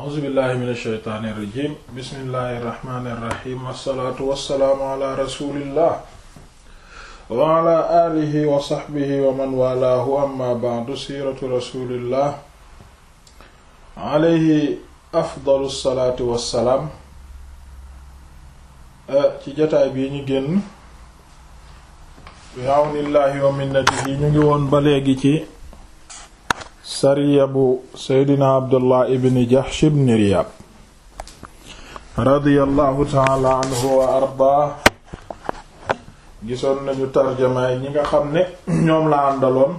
a'uuzu billahi min ashaytaani irrajim bismillahi irrahmani irrahim wassalaatu wassalaamu ala rasulillah wa ala alihi wa saxbihi wa man walaahu amma ba'du siiratu rasulillah alayhi afdalu salaatu wassalaam ci jotaay bii ñu génn bi awnillahi wa minnatihi ñu ngi woon ba léegi ci sariya bu seydina abdullah ibn jahsh ibn riyab radiyallahu taala anhu wa ardaa gisoon nañu tarjamaay ñi nga xam ne ñoom la àndaloon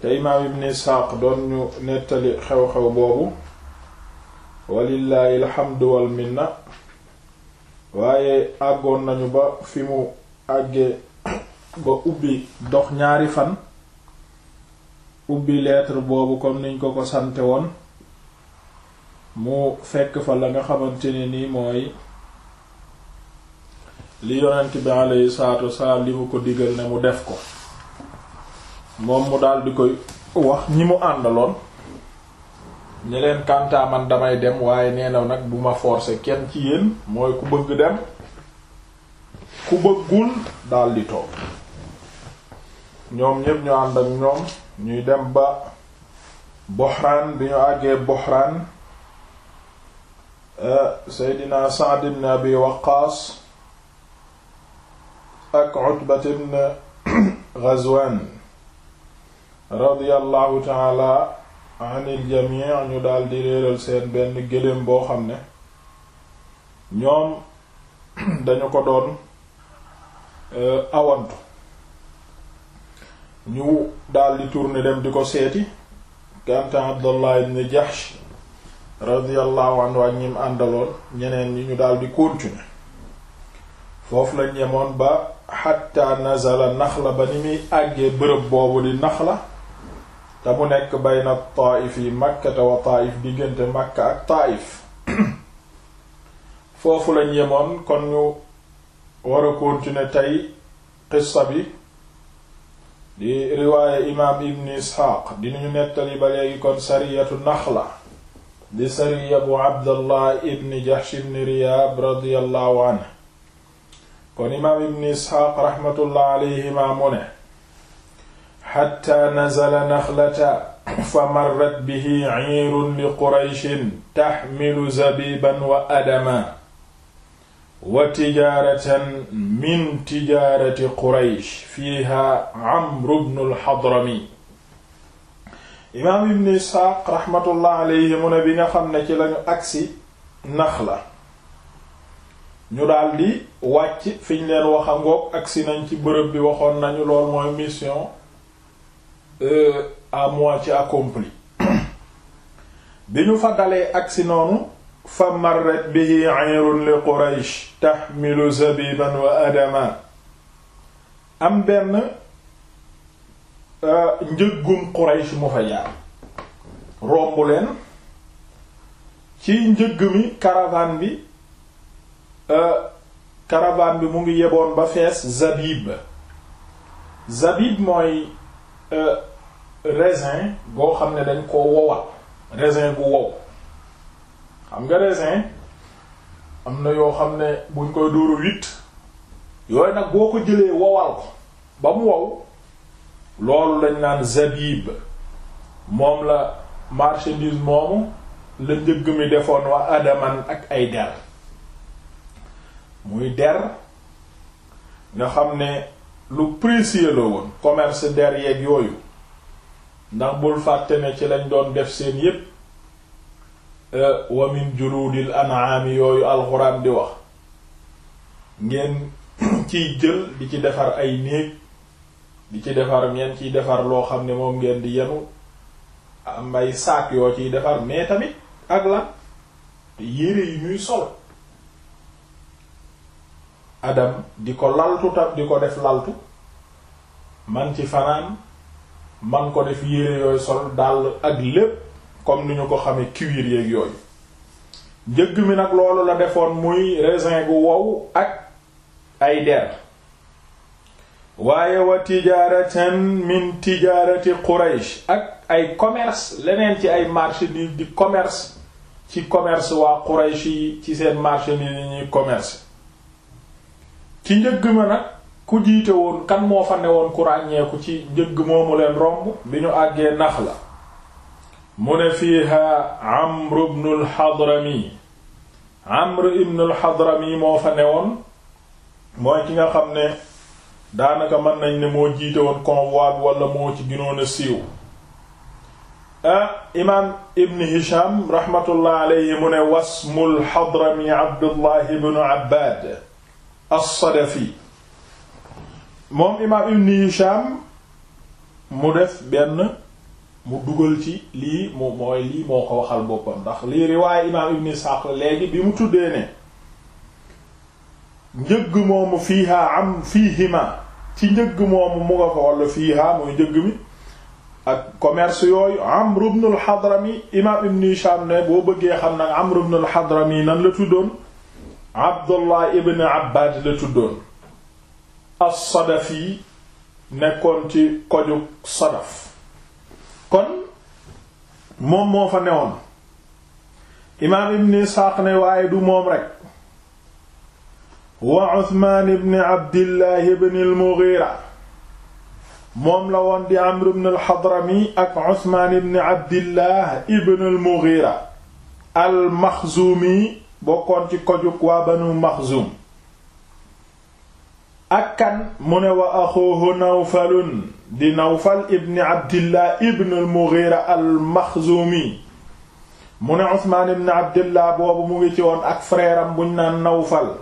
te imaam ibn isxaaq doon ñu nettali xew-xew boobu walillaahi alhamdu wal minna waaye àggoon nañu ba fi mu àggee ba ubbi dox ñaari fan ubbi lettre boobu comme niñ ko ko sante woon mu fekk fa la nga xamante ne nii mooy li yonent bi alayhi salaatu wasalaam li mu ko digal ne mu def ko moom mu daldi di koy wax ñi mu àndaloon ñi leen damay dem waaye nee na nag bu ma forcer kenn ci yéen mooy ku bëgg dem ku bëggul daal toog ñoom ñépp ñu ànd ñoom ñuy dem ba Bohraan bi ñu àggee Bohraan euh, Seydina Sa'd ibn Abi Waqqaas ak Utbat ibn Ghazwan radiyallahu taala anil jamii ñu daal di réeral seen benn gëléem boo xam ne ñoom dañu ko doon euh, awantu ñu daldi turne dem di ko seeti ganta Abdallah ibn Jahsh radiyallahu anhu ak ñim àndaloon ñeneen ñi ñu daldi continuer foofu lañ yemoon ba xatta nazala la ba ni muy àggee bërëb boobu di la te mu nekk bayna Taayif yi Makkata wa Taayif diggante Makka ak Taayif foofu lañ yemoon kon ñu war a continuer tey qissa bi di riwaaye imaam ibn isxaaq dinañu nettali ba léegi kon sariyatu naxla di sariya bu abdallah ibn jahsh ibn riyaab radiyallahu anhu kon imaam ibn isxaaq raxmatullah alayhima mu ne xatta nazala naxlata fa marrat bihi ciirun li qurayshin taxmilu zabiban wa adama wa tijaaratan min tijaarati quraysh fiiha amru bnu alxadrami imaam ibn isxaaq raxmatullah alayhi mu ne bi nga xam ne ci lañu agsi la ñu daldi wàcc fiñ leen wax a agsi nañ ci bërëb bi waxoon nañu lool mooy mission euh, à ci accomplie bi ñu fa agsi noonu fa bi bihi ayrun li quraysh taxmilu zabiban wa adama am benn euh, njëggum quraysh mu fa jaar romb leen ci njëgg mi caravane bi euh, caravane bi mu ngi yeboon ba fees zabib zabib mooy euh, raisin boo xam ne dañ koo wowal raisin bu wow xam nga raisin am na yoo xam ne buñ koy dóoru huit yooyu nag boo ko jëlee wowal ko ba mu wow loolu lañ naan zabib moom la marchandise moomu la njëgg mi defoon waa adaman ak ay der muy der nga xam ne lu précieux la woon commerce der yeeg yooyu ndax bul fàtte ne ci lañ doon def seen yépp Eh, wa min juluudil an'aami yooyu alxuraan di wax ngeen ciy jël di ci defar ay néeg di ci defar ngeen ciy defar loo xam ne moom ngeen di yenu am ay saak yoo ciy defar mais tamit ak lan te yére yi ñuy sol adam di ko laltu tam di ko def laltu man ci fanaan man ko def yére yooyu sol dàll ak lépp comme ni ñu ko xamee cuir yeeg yooyu jëgg mi nag loolu la defoon muy raisin gu wow ak ay der waaye wa tijaaratan min tijaarati Quraysh ak ay commerce leneen ci ay marchandises di commerce ci commerce waa Quraysh yi ci seen marchandise yi ñuy commerce ci njëgg ma nag ku jiite woon kan moo fa ne woon ku ràññeeku ci jëgg moomu leen romb bi ñu àggee nax la mu ne fiiha amr ibnu alxadrami amr ibnu alxadrami moo fa newoon mooy ki nga xam ne daanaka mën nañ ne moo jiite woon convoi bi wala moo ci ginoon a siiw ah imaam ibn hisham raxmatullah alayhi mu ne wasmu xadrami abdullah ibnu abbaad as moom imaam ibn hisham mu def benn mu dugal ci lii mu mooy lii moo ko waxal boppam ndax lii riwaay imaam ibn Isxaaq léegi bi mu tuddee ne njëgg moomu fiiha am fiihima ci njëgg moomu mu nga fa walla fiiha mooy njëgg mi ak commerce yooyu Amr ibn al-Hadrami imaam ibn Hisham boo bëggee xam nag Amr ibn al-Hadrami nan la tuddoon Abdullah ibn Abbad la tuddoon as-Sadafi nekkoon ci koju Sadaf kon moom moo fa newoon imaam ibn isxaaq ne waaye du moom rekk wa uthman ibn abdillah ibn al-mughira moom la woon di amr ibn al-hadrami ak uthman ibn abdillah ibn al-mughira al-maxzumi bokkoon ci kojuk waa banu maxzum ak mu ne wa axuhu nawfalun di nawfal ibni abdillah ibn al-Mughira al-Makhzumi mu ne Usmaan ibn abdillah boobu mu ngi ci woon ak frère buñ naan nawfal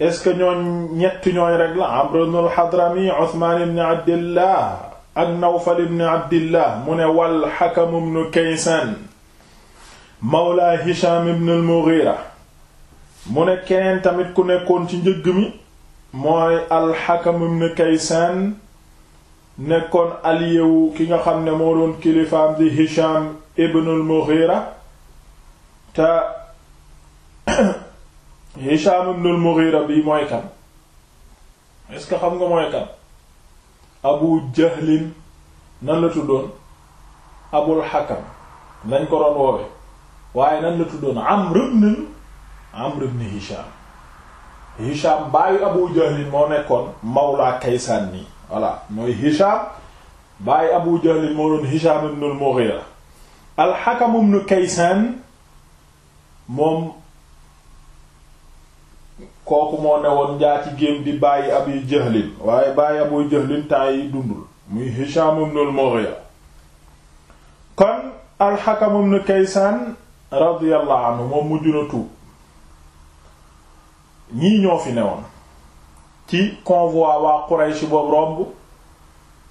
est-ce que ñooñ ñetti ñooñ rek la Amr al-Hadrami Usmaan ibn abdillah ak nawfal ibn abdillah mu ne wal Hakam ibn Kaysan mawla Hisham ibn al-Mughira mu ne keneen tamit ku nekkoon ci njëg mi mooy al-Hakam ibn Kaysan nekkoon aliyewu ki nga xam ne moo doon kilifaam di Hisham ibnul Mughira te Hisham ibnul Mughira bi mooy kan est-ce que xam nga mooy kan Abu Jahlin nan la tuddoon Abul Hakam lañ ko doon woowe waaye nan la tuddoon Amr ibn Amr ibn Hisham Hisham baayu Abu Jahlin moo nekkoon mawlaa Kaysaan nii voilà mooy Hisham bàyyi Abu Jahl moo doon Hisham ibn al-Mughira al-Hakam ibn moom kooku moo ne woon njaati géem di bàyyi Abu Jahl waaye bàyyi Abu Jahl temps yi dundul muy Hisham ibn al-Mughira kon al-Hakam ibn radiyallahu anhu moom mujj na tuub ñii ñoo fi newoon ci convoi waa Quraysh boobu romb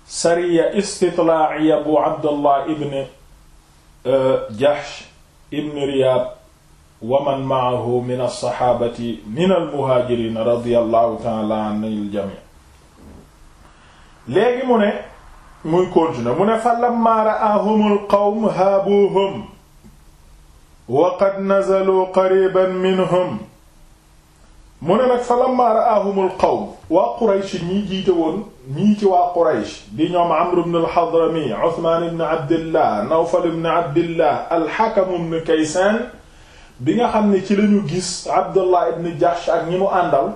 sariya istitlaa'iya bu Abdallah ibn e, Jahsh ibn Riyab wa man ma'ahu min as-sahaabati min al-muhaajiriin radiyallahu ta'ala anil jamii' léegi mu ne muy continuer mu ne fa lammaa ra'aahumul qawmu haabuuhum wa qad nazaluu qariiban minhum mu ne nag fa lamma ra'aahumul qawm waa Quraysh ñii jiite woon ñii ci waa Quraysh di ñoom Amr ibn al-Hadrami Uthman ibn Abdillah Nawfal ibn Abdillah al-Hakam ibn Kaysan bi nga xam ne ci lañu gis Abdullah ibn Jahsh ak ñi mu àndal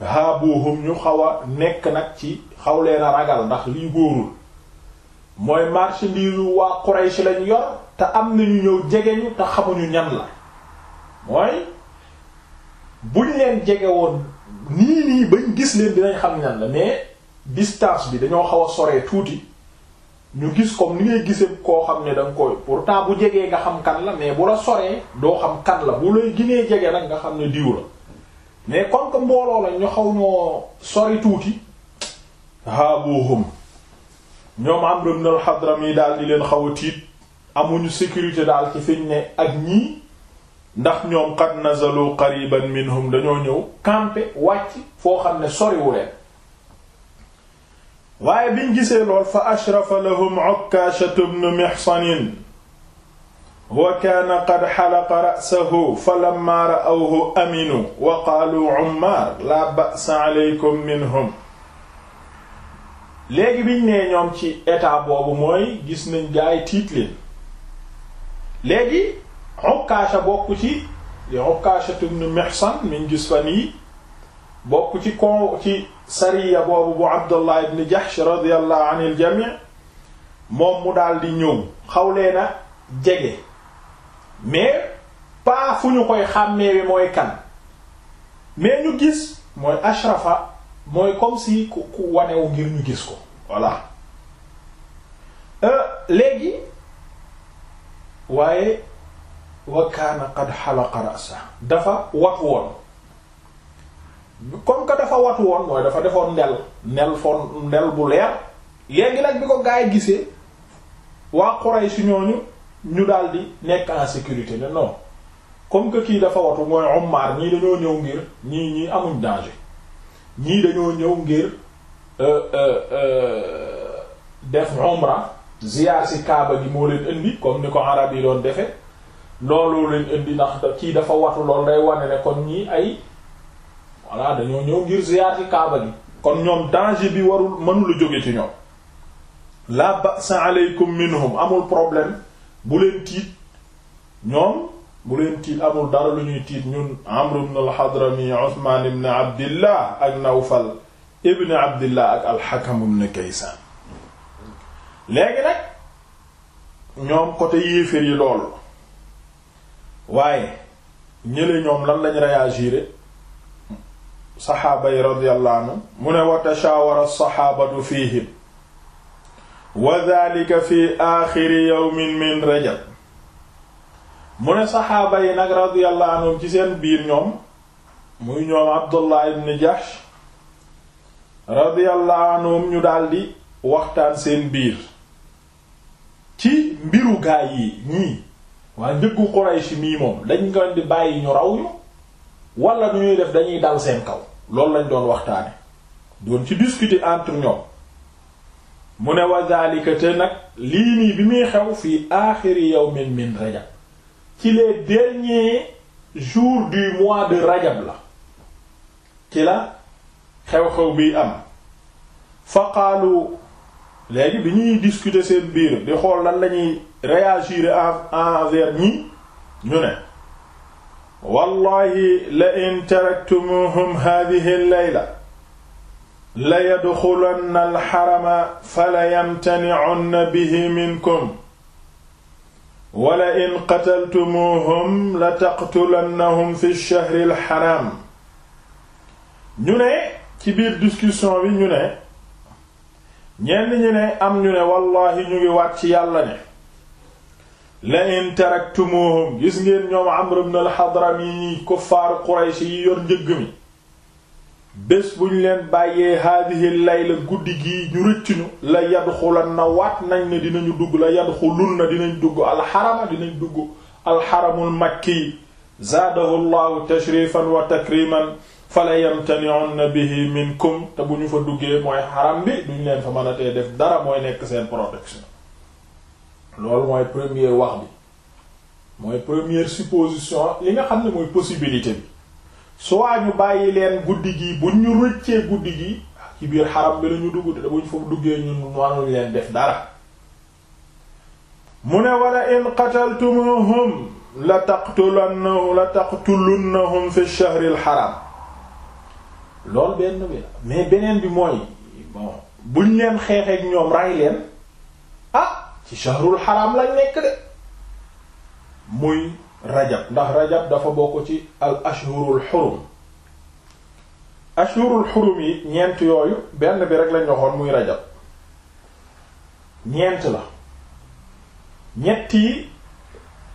haabuhum ñu xaw a nekk nag ci xaw leen ragal ndax lii góorul mooy marchandise waa Quraysh lañ yor te am nañu ñëw jege ñu te xamuñu ñan la mooy buñ leen jege woon nii nii bañ gis leen dinañ xam ñan la mais distance bi dañoo xaw a soree tuuti ñu gis comme ni ngay gisee koo xam ne da nga pour pourtant bu jegee nga xam kan la mais bu la soree doo xam kan la bu lay ginee jege nag nga xam ne diw la mais comme que mbooloo la ñu xaw ñoo sore tuuti haabuhum ñoom Amr ibn al-Hadrami daal di leen xaw a tiit amuñu sécurité daal ci fiñ ne ak ñii ndax ñoom qad nazalu qariban minhum dañoo ñëw camper wàcc foo xam ne soriwuleen waaye biñ gisee lool fa ashrafa lahum Ukkaashatu bnu Mihsanin wa kaana qad xalaqa ra'sahu falammaa ra'awhu aminu wa qaalu Ummaar laa ba'sa aleykum minhum léegi biñ nee ñoom ci état boobu mooy gis nañ gaay tiit leen léegi Ukkaasha bokk ci di Ukkaasha ibn bokk ci kon ci sariya boobu moom mu daal di ñëw xawlee na jege mais pas fu ñu koy xàmmee wi mooy kan mais ñu gis mooy ashrafa mooy comme ku ku wanewu ngir ñu gis ko voilà euh, léegi waaye wa kaana qad xalaqa ra'sa dafa wat woon comme que dafa wat woon mooy dafa defoon ndel ndel fon ndel bu leer léegi nag bi ko gaa yi gisee waa Quraysh ñooñu ñu daldi nekk en sécurité ne non comme que kii dafa watu mooy Umar ñii dañoo ñëw ngir ñii ñii amuñ danger ñii dañoo ñëw ngir euh, euh, euh, def umra ziyaar ci Kaaba gi moo leen indi comme ni ko arab yi doon defe loolu leen indi ndax kii dafa watu lool day wane ne kon ñii ay voilà dañoo ñoo ngir ziyaati kaaba gi kon ñoom danger bi warul mënula jóge ci ñoom la ba'sa aleykum minhum amul problème bu leen tiit ñoom bu leen tiit amul dara lu ñuy tiit ñun amr ibn al-hadrami uthman ibn ak nawfal ibn abdillah ak al-hakam léegi nag ñoom côté yéeféer yi loolu waaye ñële ñoom lan lañ réagir saxaaba yi radiyallahu anhu mu ne wa tashaawara saxaabatu fiihim wa dhalika fi aaxiri yawmin min rajab mu ne saxaaba yi nag radiyallahu ci seen biir ñoom muy ñoom abdullah ibn jahsh ñu daldi waxtaan seen biir ci mbiru gaay yi ñii waa njëggu Quraysh mii moom dañ ko di bàyyi ñu raw ñu wala nu ñuy def dañuy dal seen kaw loolu lañ doon waxtaane doon ci discuter entre ñoom mu ne wa zalika nag lii nii bi muy xew fii aaxiri yawmin min rajab ci les derniers jours du mois de rajab la ci la xew-xew bi am fa léegi bi ñuy discuter seen biir di xool lan lañuy réagir envers ñi ñu ne wallahi la in taraktumuhum hadhihi al-layla la yadxulanna al-harama fala yamtani'unna bihi minkum wa la in qataltumuhum la taqtulannahum fi ash-shahri al-haram ñu ne ci biir discussion bi ñu ne ñenn ñi ne am ñu ne wallahi ñu ngi waat ci yàlla ne la in taraktumuhum gis ngeen ñoom Amr ibn al-Hadrami kuffaaru Quraysh yi yor njëgg mi bés bu ñu leen bàyyee haadihi layla guddi gi ñu rëcc ñu la yadxulan na waat nañ ne dinañu dugg la yadxulun na dinañ dugg alxarama dinañ dugg alxaramul makki zaadahu llahu tashrifan wa takriman fala yamtani'unna bihi minkum te bu ñu fa duggee mooy xaram bi duñ leen fa mën a tee def dara mooy nekk seen protection loolu mooy premier wax bi mooy premier supposition yi nga xam ne mooy possibilité bi soit ñu bàyyi leen guddi gi bu ñu rëccee guddi gi ci biir xaram bi la ñu dugg te bu ñu fa duggee ñun mënuñ leen def dara mu ne wala in qataltumuhum la taqtulannahum la taqtulunnahum fi shahril xaram lool benn bi mais beneen bi mooy bon buñ leen xeexeek ñoom ray leen ah ci shahrul haram la nekk de muy rajab ndax rajab dafa bokk ci al ashhurul hurum ashhurul hurum yi ñeent yooyu benn bi rek lañ waxoon muy rajab ñeent la ñetti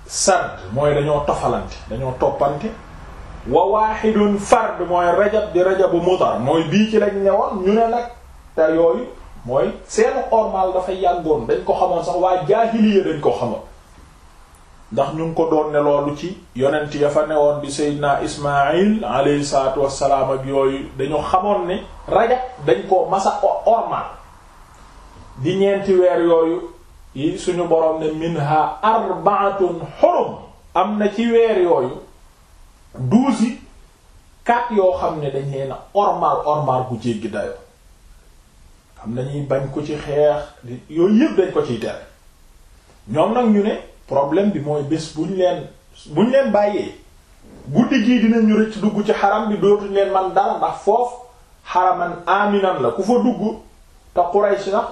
sard mooy dañoo tofalante dañoo toppante wa waaxidun fard mooy rajab di rajabu mutar mooy bii ci lañ ñëwoon ñu ne nag te yooyu mooy seen ormal dafa yàggoon dañ ko xamoon sax waa jaahiliya dañ ko xamoon ndax ñu ngi ko doon ne loolu ci yonent ya fa newoon di Seydina Ismaïl alayhi salaatu wassalaam ak yooyu dañu xamoon ne rajab dañ ko masa ormal di ñeenti weer yooyu yi suñu boroom ne minha arbaatun xurum am na ci weer yooyu douze yi quatre yoo xam ne dañ leen ormal ku bu gi dayoo xam nañuy bañ ku ci xeex yooyu yëpp dañ ko ciy tere ñoom nag ñu ne problème bi mooy bés buñ leen buñ leen bàyyee guddi gii dinañu rëcc dugg ci xaram bi dootuñ leen man dara ndax foofu xaraman aminan la ku fa dugg te Quraysh sax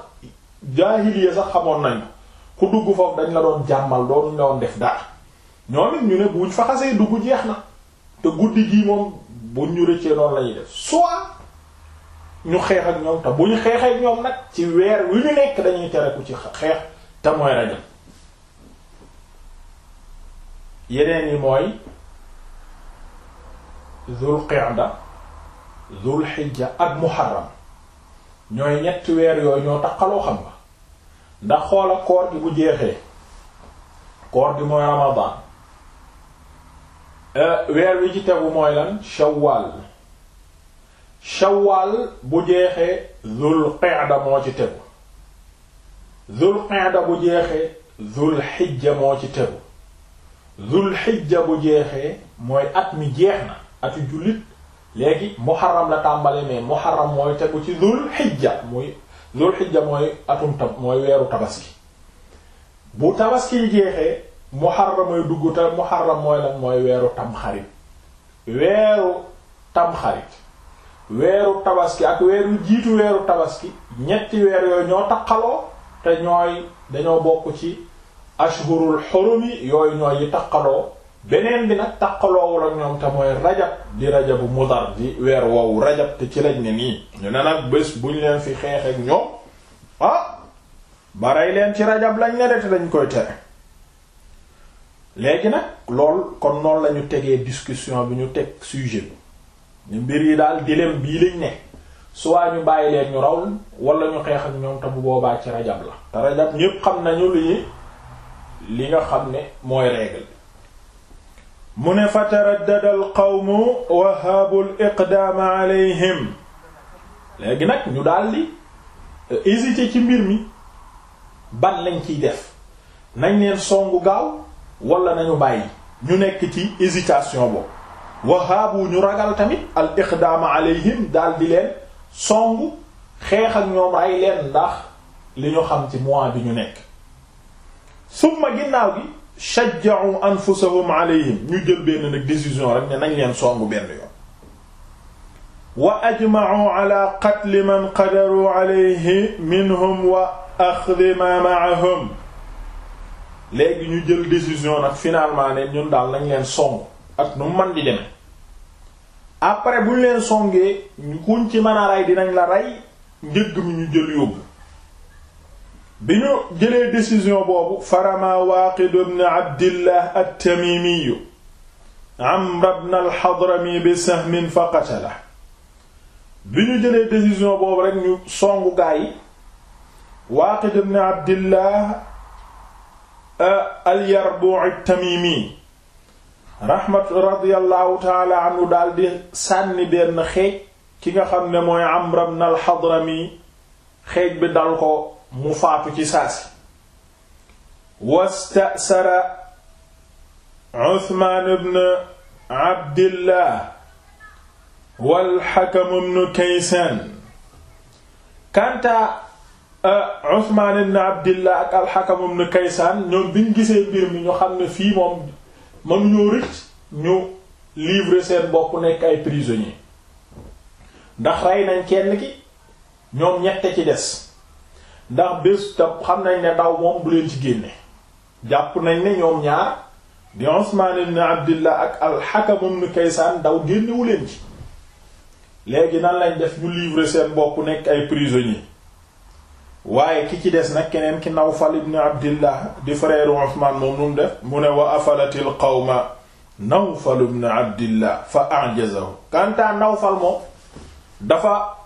jaahiliya sax xamoon nañ ku dugg foofu dañ la doon jàmmal dootuñ la def dara ñoom it ñu ne buñ fa xasee dugg jeex na. te guddi gii moom bu ñu rëccee noonu lañuy def soit ñu xeex ak ñoom te bu ñu xeexee ak ñoom nag ci weer wi ñu nekk dañuy tere ku ci xeex te mooy rajab yeneen yi mooy zul qa'da zul xijja ak muharram ñooy ñetti weer yooyu ñoo takkaloo xam nga ndax xoola koor gi bu jeexee koor gi mooy ramadan Euh, weer wi ci tegu mooy lan shawwal shawwal bu jeexee zul qa'da moo ci tegu zul qa'da bu jeexee zul xijja moo ci tegu zul xijja bu jeexee mooy at mi jeex na atu jullit léegi muharram la tàmbali mais muharram mooy tegu ci zul xijja muy zul xijja mooy atum tab mooy weeru tabaski bu tabaski jeexee muharramay dugg te muharram mooy lan mooy weeru tamxarit weeru tamxarit weeru tabaski ak weeru jiitu weeru tabaski ñetti weer yooyu ñoo taqaloo te ñooy dañoo bokk ci ashhurul xurum yi yooyu ñooy yi taqaloo beneen bi nag taqaloowul ak ñoom te mooy rajab di rajabu mudar weer woowu rajab te ci lañ ne nii ñu ne nag bés bu ñu leen fi xeexeek ñoom ah barey leen ci rajab lañ ne de te dañ koy tere léegi nag lool kon noonu la ñu tegee discussion bi ñu teg sujet bi ñu mbir yi daal dilemme bii lañ ne soit ñu bàyyi leen ñu raw walla ñu xeex ak ñoom te bu boobaa ci rajab la te rajab ñépp xam nañu li li nga xam ne mooy règle mu ne fa taraddada al qawmu wa haabu al léegi nag ñu daldi euh, hésiter ci mbir mi ban lañ ciy def nañ leen songu gaaw wala nañu bàyyi ñu nekk ci hésitation boobu wahaabu ñu ragal tamit al iqdaama alayhim daal di leen song xeex ak ñoom ay leen ndax li ñu xam ci mois bi ñu nekk summa ginnaaw gi shajja'u anfusahum alayhim ñu jël benn nag décision rek ne nañ leen song benn yoon wa ajma'u ala qatli man qadaru alayhi minhum wa akhdhi ma'ahum léegi ñu jël décision nag finalement ne ñun daal nañ leen song ak nu man di demee après bu ñu leen songee kuñ ci mën a rey dinañ la rey njëgg mi ñu jël yóbbu bi ñu jëlee décision boobu farama waaqid ibn abdillah at-tamimi amr ibn al-hadrami bi sahmin fa qatala bi ñu jëlee décision boobu rek ñu songu gaay waaqid ibn al-Yarbu'i at-Tamimi rahmatu radiyallahu taala anhu daal di sànni benn xeej ki nga xam ne mooy Amr ibn al-Hadrami xeej bi dal ko mu faatu ci saasi wastasara Usmaan ibn Abdillah wal Hakam ibn Kaysaan kanta Euh, Usmaan ibn Abdillah ak al-Hakam ibn Kaysaan ñoom biñ gisee mbir mi ñu xam ne fii moom mënuñoo rëcc ñu livrer seen bopp nekk ay prisonniers ndax rey nañ kenn ki ñoom ñette ci des ndax bés ta xam nañ ne daw moom du leen ci génne jàpp nañ ne ñoom ñaar di Usmaan ibn Abdillah ak al-Hakam Kaysaan daw génnewu leen ci léegi nan lañ def ñu livrer seen bopp nekk ay prisonniers waaye ki ci des nag keneen ki Nawfal ibn Abdillah di frère Usmaan moom nu mu def mu ne wa afalatil qawma Nawfal ibn Abdillah fa a'jazahu kantaa Nawfal moom dafa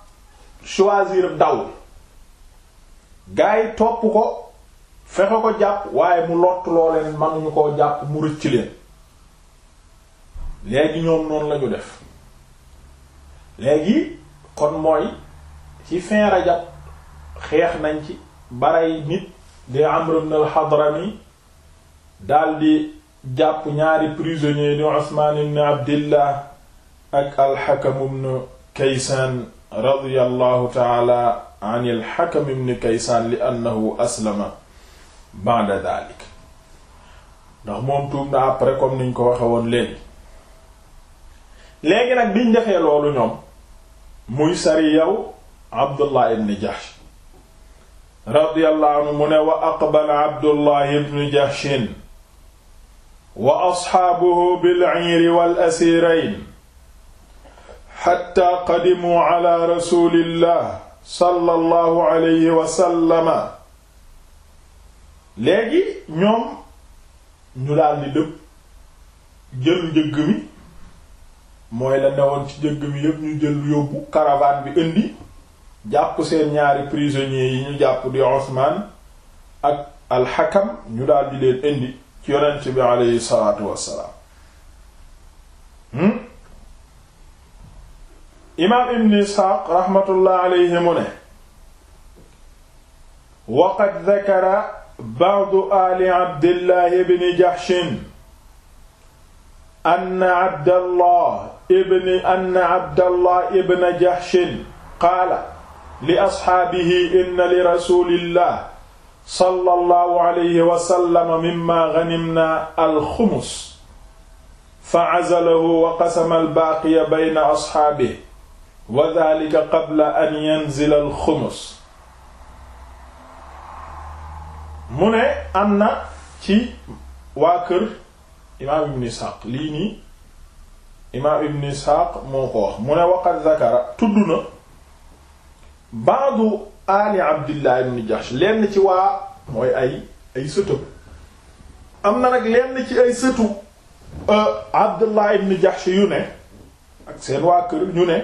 choisir daw gaa yi topp ko fexe ko jàpp waaye mu lott loo leen mënuñu koo jàpp mu rëcc leen léegi ñoom noonu lañu def léegi kon mooy ci fin Rajab xeex nañ ci baray nit di Amr ibn al-Hadrami daldi jàpp ñaari prisonnier di Usmaan ibn Abdillah ak al-Hakam ibn Kaysaan radiyallahu ta'ala an al-Hakam ibn Kaysaan li annahu aslama ba'da dhalik ndax moom tuub na après comme niñ ko waxe woon léegi nag biñ defee loolu ñoom muy sari yow Abdullah ibn Jahsh radiyallahu anhu mu ne wa aqbala Abdullah ibn Jahshin wa asxaabuhu bilciiri wal asiirayn xatta qadimuu ala rasulillah sallallahu alayhi wa sallama léegi ñoom ñu daldi dëpp jël njëgg mi mooy la newoon ci njëgg mi yépp ñu jël yóbbu caravane bi indi jàpp seen ñaari prisonniers yi ñu jàpp di Usmaan ak alxakam ñu daal di leen indi ci yonent bi aleyhi salaatu wassalaam hmm? imaam ibn isxaaq raxmatullah aleyhi mu ne waqad dakara ba'du aali abdillah ibn jahshin anna abdallah ibn anna abdallah ibn jahshin qaala li asxaabihi inna li rasulillah sallallahu alayhi wa sallam mimma ganimna alxumus fa azalahu wa qasama albaaqiya bayna asxaabihi wa daalika qabla an yanzila alxumus mu ne am na ci waa kër imaam ibn Isxaaq lii nii imaam ibn Isxaaq moo ko wax mu ne waqad zakara tudd na baadu ali abdillah ibn jahsh lenn ci waa mooy ay ay sëtu am na nag lenn ci ay sëtu euh, abdullah ibn jahsh yu ne ak seen waa kër ñu ne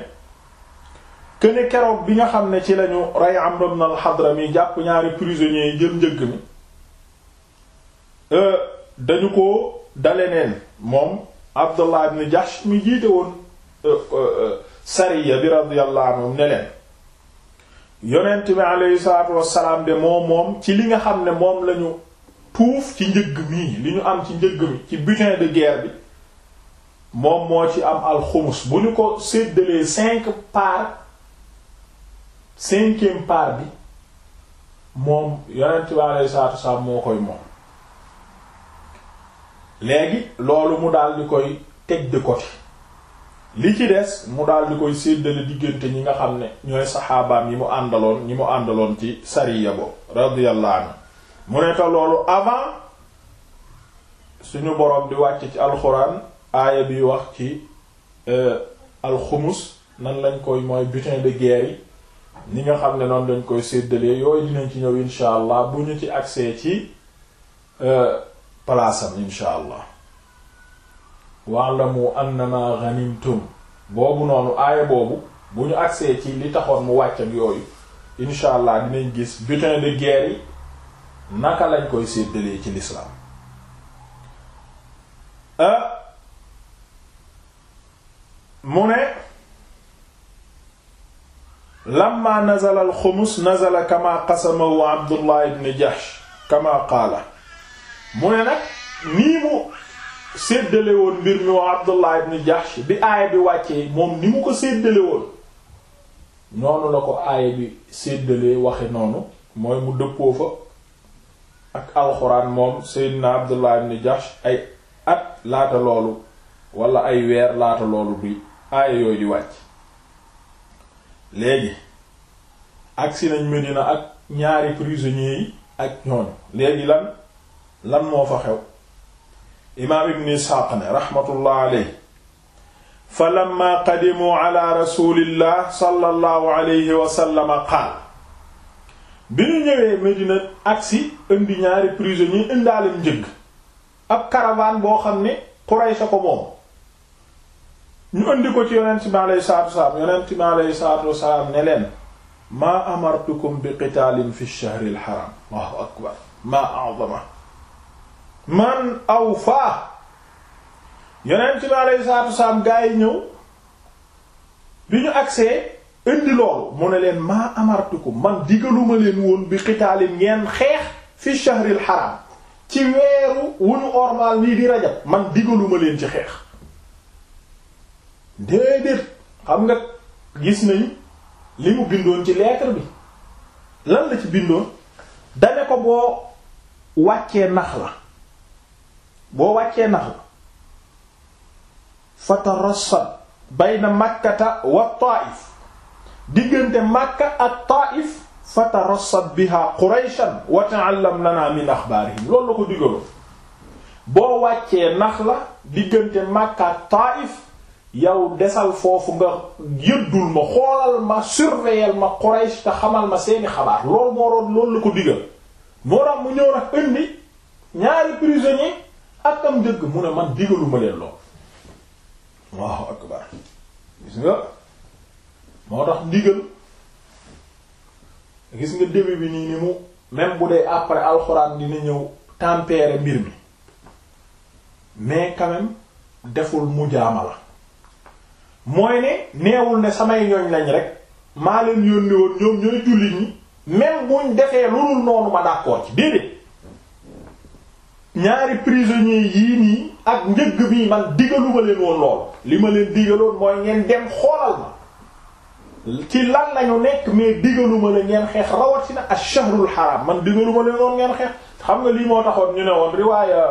këne keroog bi nga xam ne ci lañu rey Amr ibn al-Hadrami jàpp ñaari prisonniers yi jël njëgg mi euh, dañu ko dale moom Abdullah ibn Jahsh mi jiite woon euh, sariya bi radiyallahu anhu ne leen yonent bi aleyhi salaatu wassalaam de moom moom ci li nga xam ne moom lañu tuuf ci njëgg mii li ñu am ci njëgg mi ci butin de guerre bi moom moo ci am alxumus bu ñu ko séddalee cinq parts cinquième part bi moom yonent bi aleyhi salaatu wassalaam moo koy moom léegi loolu mu daal di koy teg de côté li ci des mu daal di koy séddale diggante ñi nga xam ne ñooy saxaabaam yi mu àndaloon ñi mu àndaloon ci sariya bo radiyallahu anhu mu ne te loolu avant suñu boroom di wàcc ci alxuraan aaya bi wax ci euh, alxumus nan lañ koy mooy butin de guerre yi ñi nga xam ne noonu dañ koy séddalee yooyu dinañ ci ñëw insha allah bu ñu ci accès ci euh, palaasam insha allah wa'lamu annama ghanimtum boobu noonu aaya boobu bu ñu agsee ci li taxoon mu wàcc ak yooyu incha dinañ gis butin de guerre naka lañ koy séddalee ci l'islam ah mu ne lamma nazala alxumus nazala kama qasamahu abdullah ibn jahsh kama qaala mu ne nag nii mu séddale woon mbir mi waa Abdullah ibn Jahsh bi aaya bi wàccee moom ni mu ko séddale woon noonu la ko aaya bi séddalee waxe noonu mooy mu dëppoo fa ak alxuraan moom Seydina Abdullah ibn Jahsh ay at laata loolu wala ay weer laata loolu bi aaya yooyu di wàcc léegi agsi nañ Medina ak ñaari prisonniers yi ak ñooñu léegi lan lan moo fa xew imaam ibn isxaaq ne raxmatullah aley fa lamma qadimu ala rasulillah sallallahu alayhi wa sallam qaal bi ñu ñëwee Medina agsi indi ñaari prisonniers indaalem njëgg ab caravane boo xam ne Quraysh a ko moom ñu indi ko ci yonent bi aleyhi salaatu wasalaam yonent bi aleyhi salaatu wasalaam ne leen maa amartukum bi qitaalin fi shahri al haram Allahu akbar maa a'zama man awfa yonent bi alayhi salaatu wasalaam gaa yi ñëw bi ñu agsee indi loolu mu ne leen maa ko man digaluma leen woon bi xitaalin ngeen xeex fi shahril haram ci weeru wu ormaal nii di rajab man digaluma leen ci xeex déedéet xam nga gis nañ li mu bindoon ci lettre bi lan la ci bindoon dane ko boo wàccee nax la boo wàccee naxu fatarassad bayna makkata wa taif diggante makka ak taif fatarassad biha qurayshan wa ta'allam lana min axbaarihim loolu la ko digaloon boo wàccee Naxla diggante makka ak taif yow desal foofu nga yëddul ma xoolal ma surveiller ma quraysh te xamal ma seeni xabaar loolu moo doon loolu la ko digal moo tax mu ñëw nag indi ñaari prisonniers ak am dëgg mu ne man digaluma leen lool waaw akbar gis nga moo tax digal gis nga début bi nii ni mu même bu dee après alxuraan dina ñëw tempérer mbir mi mais quand même deful mujaama la mooy ne neewul ne samay ñooñ lañ rek maa leen yónni woon ñoom ñooy jullit ñi même buñ defee lu dul noonu ma d'accord ci déedéet ñaari prisonniers yii nii ak njëg bi man digaluma leen woon lool li ma leen digaloon mooy ngeen dem xoolal ma ci lan nañu nekk mais digaluma leen ngeen xeex rawatina ash-shahrul haram man digaluma leen woon ngeen xeex xam nga lii moo taxoon ñu ne woon riwaaya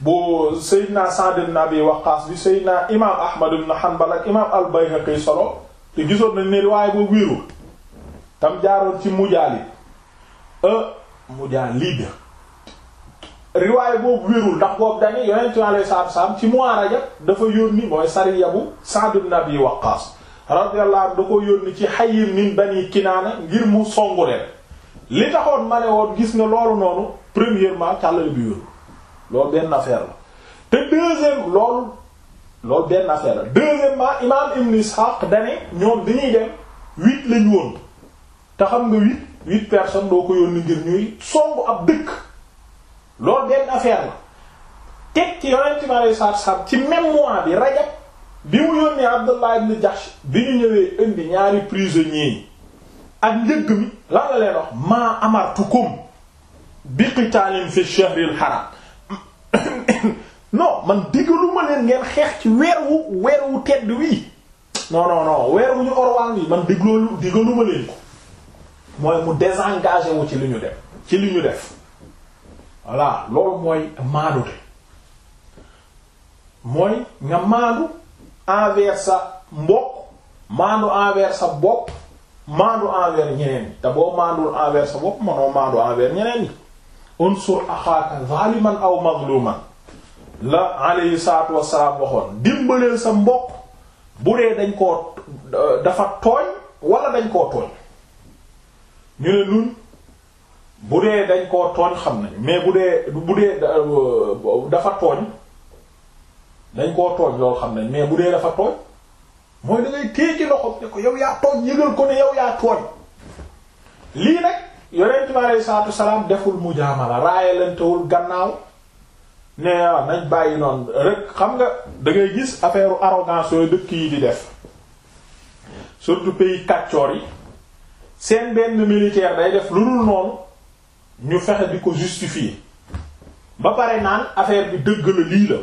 bu Seydina naa ibn Abi Waqqas bi Seydina imaam Ahmad ibn Hanbal ak imaam al-Bayhaqi solo te gisoon nañ ne riwaaya boobu wéerul tam jaaroon ci mujaalid e euh, mujaalid riwaay boobu wérul ndax boobu dañuy yonent bi alayhi ci mois Rajab dafa yónni mooy sariya bu Sa'd ibn Abi Waqqaas radiyallahu anhu da ko yónni ci Hayyin min Bani Kinaana ngir mu songu leen li taxoon ma ne woon gis nga loolu noonu premièrement càllal bi wérul loolu benn affaire la te deuxième loolu loolu benn affaire la deuxièmement imaam Ibn Ishaq dane ñoom dañuy dem huit lañu woon te nga huit huit doo ko yónni ngir ñuy songu ab dëkk loolu benn affaire la teg ci yonent bi alayhi ci même bi rajab bi mu yónnee Abdullah ibn bi ñu ñëwee indi ñaari prisonniers yi ak njëgg mi lan la leen wax maa amartukum man digaluma leen ngeen xeex ci weer wu weer wu tedd wii non non non weer wu ñu orwaan wi man digloo digaluma leen ko mooy mu désengagé ci li ñu def ci li ñu def voilà loolu mooy maadute mooy nga maandu envers sa mbokk maandu envers sa bopp maandu envers ñeneen ñi te boo maandul envers sa bopp manoo maandu envers ñeneen ñi unsur axaaka zaliman aw mazluman la alayhi salatu wasalaam waxoon dimbaleel sa mbokk bu dee dañ koo dafa tooñ wala dañ koo tooñ ñu nun bu dee dañ koo tooñ xam nañ mais bu dee bu dee euh, dafa tooñ dañ koo tooñ loolu xam nañ mais bu dee dafa tooñ mooy da ngay téye ci loxo ne ko yow yaa tooñ yëgal ko ne yow yaa tooñ lii nag yonent bi aleyhi salaatu salaam deful mujaamala raayalantewul gannaaw ne nañ bàyyi noonu rek xam nga dangay gis affaire arrogance yooyu dëkk yi di def surtout pays kàccoor yi seen benn militaire day def lu dul noonu. ñu fexe di ko justifier ba pare naan affaire bi dëgg la lii la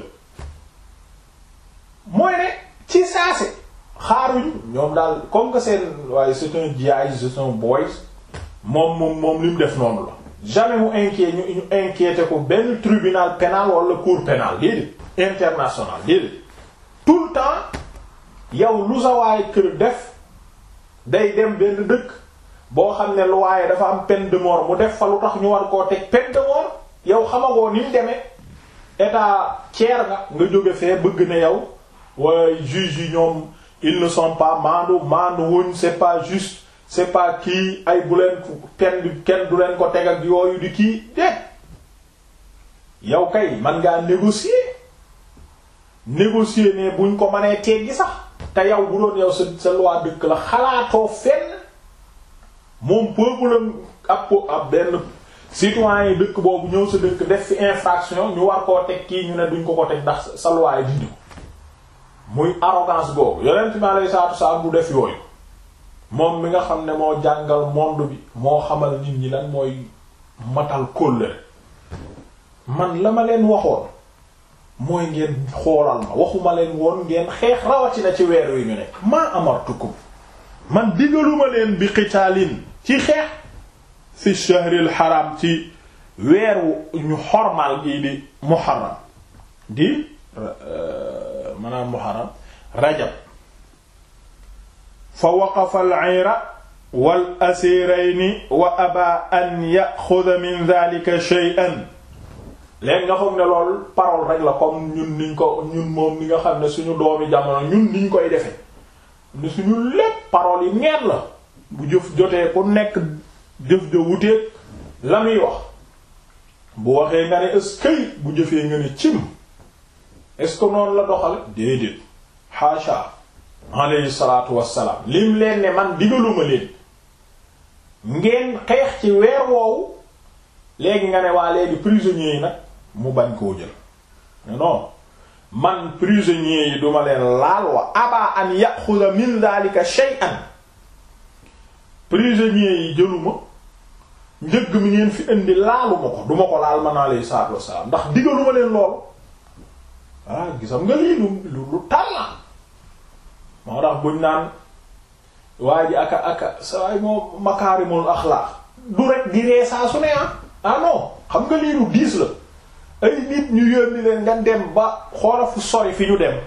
mooy ne ci saase xaaruñ ñoom daal comme que seen waaye c'est un gars c'est un boy moom moom moom li mu def noonu la jamais mu inquiet ñu ñu inquiété ko benn tribunal pénal wala cour pénal déedéet international déedéet tout le temps yow lu sa waay kër def day dem benn dëkk boo xam ne luwaaye dafa am pen demor mu def fa lu tax ñu war koo teg peine de mort yow xamagoo ni mu demee état tiers nga nga jóge fee bëgg na yow waaye juge yi ñoom ils ne sont pas maandu maandu wuñ c'est pas juste c'est pas kii ay bu leen kenn kenn du leen ko teg ak yooyu di kii déet yow kay man ngaa négocier négocier ne buñ ko mënee teggi sax te yow bu doon yow sa sa loi dëkk la xalaatoo fenn. moom peuple am ab ab benn citoyen yi dëkk boobu ñëw sa dëkk def fi infraction ñu war koo teg kii ñu ne duñ ko ko teg ndax sa dindi ko muy arrogance boobu yonent bi alayhi salaatu yooyu moom mi nga xam ne moo jàngal monde bi moo xamal nit ñi lan mooy matal kóllëre man la ma leen waxoon mooy ngeen xoolal ma waxuma leen woon ngeen xeex rawatina ci weer wi ñu ne maa amartukum man digaluma leen bi qitaalin ci xeex fi shahril haram ci weeru ñu xormal gi di muharram di euh, maanaam muharram rajab fa waqafa al-ayra wal asirayni wa aba an yaxuda min dalika shay'an léegi nga foog ne loolu parole rek la comme ñun niñ ko ñun moom ni nga xam ne suñu doomi jamono ñun niñ koy defe ni suñu lépp parole yi neen la bu jëf jotee ku nekk jëf jo wuteeg la muy wax bu waxee nga ne est-ce bu jëfee nga ne cim est-ce que noonu la doxale déedéet haasha alayhi salaatu wassalaam lim leen ne man digaluma leen ngeen xeex ci weer woowu léegi nga ne waa léegi prisonniers yi nag mu bañ koo jël non man prisonniers yi duma leen laal wa aba an yaxuda min daalika shay'an prisonniers yi jëluma njëgg mi ngeen fi indi laaluma ko duma ko laal man alayhi salaatu wassalaam ndax digaluma leen lool ah gisam nga lii lu lu lu tàllaan moo tax buñ naan waa ji aka aka sawaay moo makaarimul axlaaq du rek di ree saa su ne ah ah xam nga lii lu diis la ay nit ñu yónni leen nga dem ba xoola fu sori fi ñu dem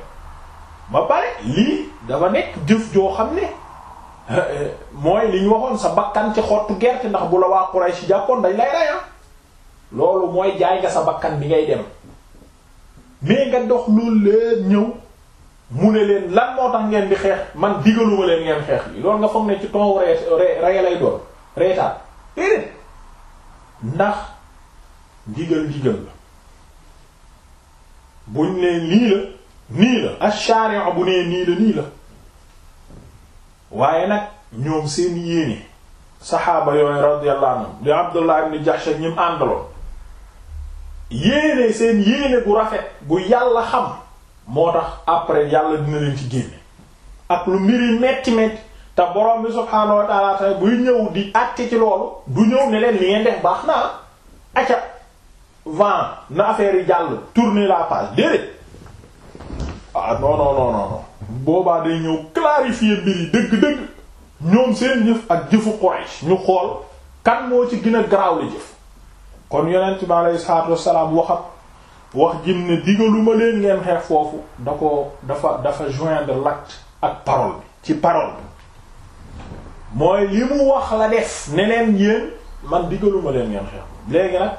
ba pare lii dafa nekk jëf joo xam ne mooy li ñu waxoon sa bakkan ci xottu gerte ndax bu la waa si jàppoon dañ lay raya ah. loolu mooy jaay nga sa bakkan bi ngay dem mais nga dox loolu leen ñëw mu ne leen lan moo tax ngeen di xeex man digaluma leen ngeen xeex bi loolu nga foog ne ci ton ree ree lay doon reetaan déedéet ndax digal digal la buñ leen lii la nii la ash bu nee nii la nii la waaye nag ñoom seen yéene saxaaba yooyu radiyallahu anhum di Abdullah ibn Jahsh ñim àndaloon yéene seen yéene bu rafet bu yàlla xam moo tax après yàlla dina leen ci génne ak lu mbiri metti metti te borom bi subhaanahu wa ta'ala buy ñëw di àtte ci loolu du ñëw ne leen li ngeen def baax naa acca vent na affaire yi jàll tourner la page déedéet ah non boobaa de ñëw clarifier mbir yi dëgg-dëgg ñoom seen jëf ak jëfu Quraysh ñu xool kan moo ci gën a garaaw la jëf kon yonent bi aleyhi salaatu wassalaam waxat wax jim ne digaluma leen ngeen xeex foofu da ko dafa dafa joindre l'acte ak parole bi ci parole bi mooy li mu wax la def ne leen yéen man digaluma leen ngeen xeex léegi nag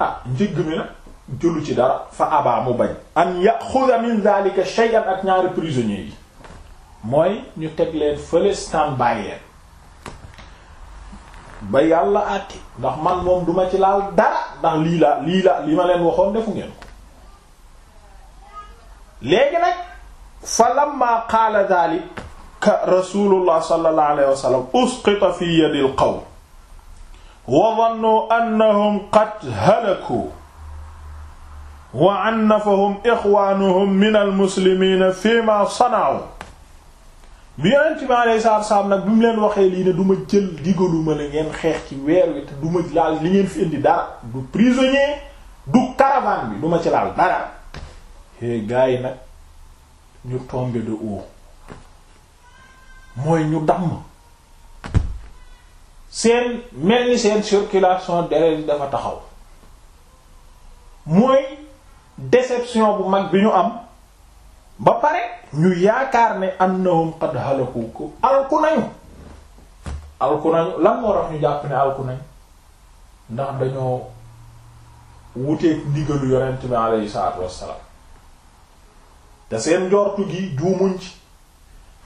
ah njëgg mi nag jëlu ci dara fa abaa mu bañ an yaxuda min zalika shay'an ak ñaari prisonniers yi mooy ñu teg leen fële standby ba yàlla àtte ndax man moom duma ci laal dara ndax lii laa lii li ma leen waxoon defu ngeen ko léegi nag fa lamma qaala dhalika rasulullah sallallahu alayhi wa sallam usqita fi yadil qawm wa dhannu annahum qad halaku wa annafahum ixwaanuhum min almuslimiina fi ma sanaaw bi yonent bi alayhi nag bi mu leen waxee lii ne duma jël digaluma la ngeen xeex ci weer wi te duma ma laal li ngeen fi indi dara du prisonnier du caravane bi du ma ci laal dara hé gars yi nag ñu tombé de haut mooy ñu damm seen mel ni seen circulation deret yi dafa taxaw mooy déception bu mag bi ñu am ba pare ñu yaakaar ne annahum qad halaku ko alku nañu alku nañu lan moo tax ñu jàpp ne alku ndax dañoo wuteeg ndigalu yonent bi alayhi salaatu wassalaam te seen njortu gi juumuñ ci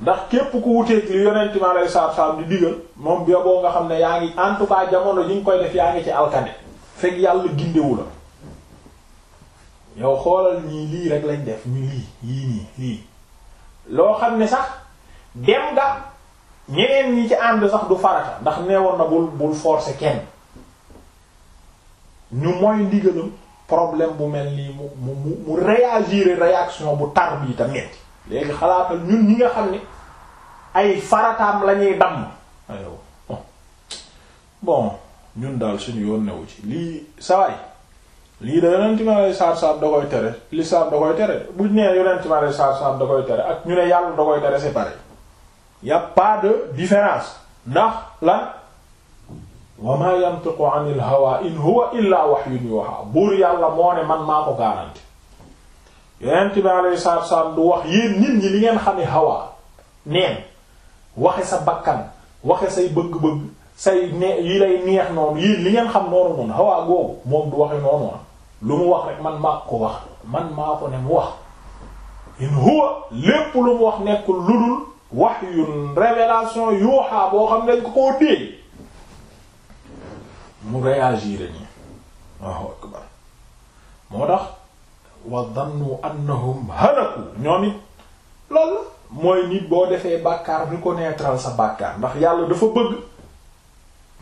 ndax képp ku wuteeg li yonent bi alayhi salaatu wassalaam di digal moom bi boo nga xam ne yaa ngi en jamono ji nga koy def yaa ngi ci alkane fekk yàlla gindewu la yow xoolal ñii lii rek lañ def ñu lii yii nii lii loo xam ne sax dem nga ñeneen ñi ci ànd sax du farata ndax neewoon na bul bul forcer kenn ñu mooy ndigalam problème bu mel nii mu mu mu mu réagir réaction bu tar bi ta metti léegi xalaatal ñun ñi nga xam ni ay farataam lañuy dam damm bon ñun daal suñu yoon newu ci lii saway lii da yonenti ma lay saab-saab da koy tere lislaam da koy tere bu ñu nee yonenti ma saab-saab da koy tere ak ñu ne yàlla da koy tere c'est pareil y a pas de différence ndax lan wa ma yantiqu anil in huwa illa wahyun yuha buur yàlla moo ne man maa ko garanti yonenti ma lay saab-saab du wax yéen nit ñi li ngeen xam ne hawa neen waxe sa bakkan waxe say bëgg-bëgg say ne yi lay neex noonu yéen li ngeen xam noonu noonu hawa googu moom du waxe lu mu wax rek man maa ko wax man maa ko ne mu wax in huwa lépp lu mu wax nekkul lu dul wax yu révélation yuuxaa boo xam ne ko koo déey mu réagir ni moo tax wa dhannu annahum halaku ñoom it loolu mooy nit boo defee bàkkaar reconnaître sa bàkkaar ndax yàlla dafa bëgg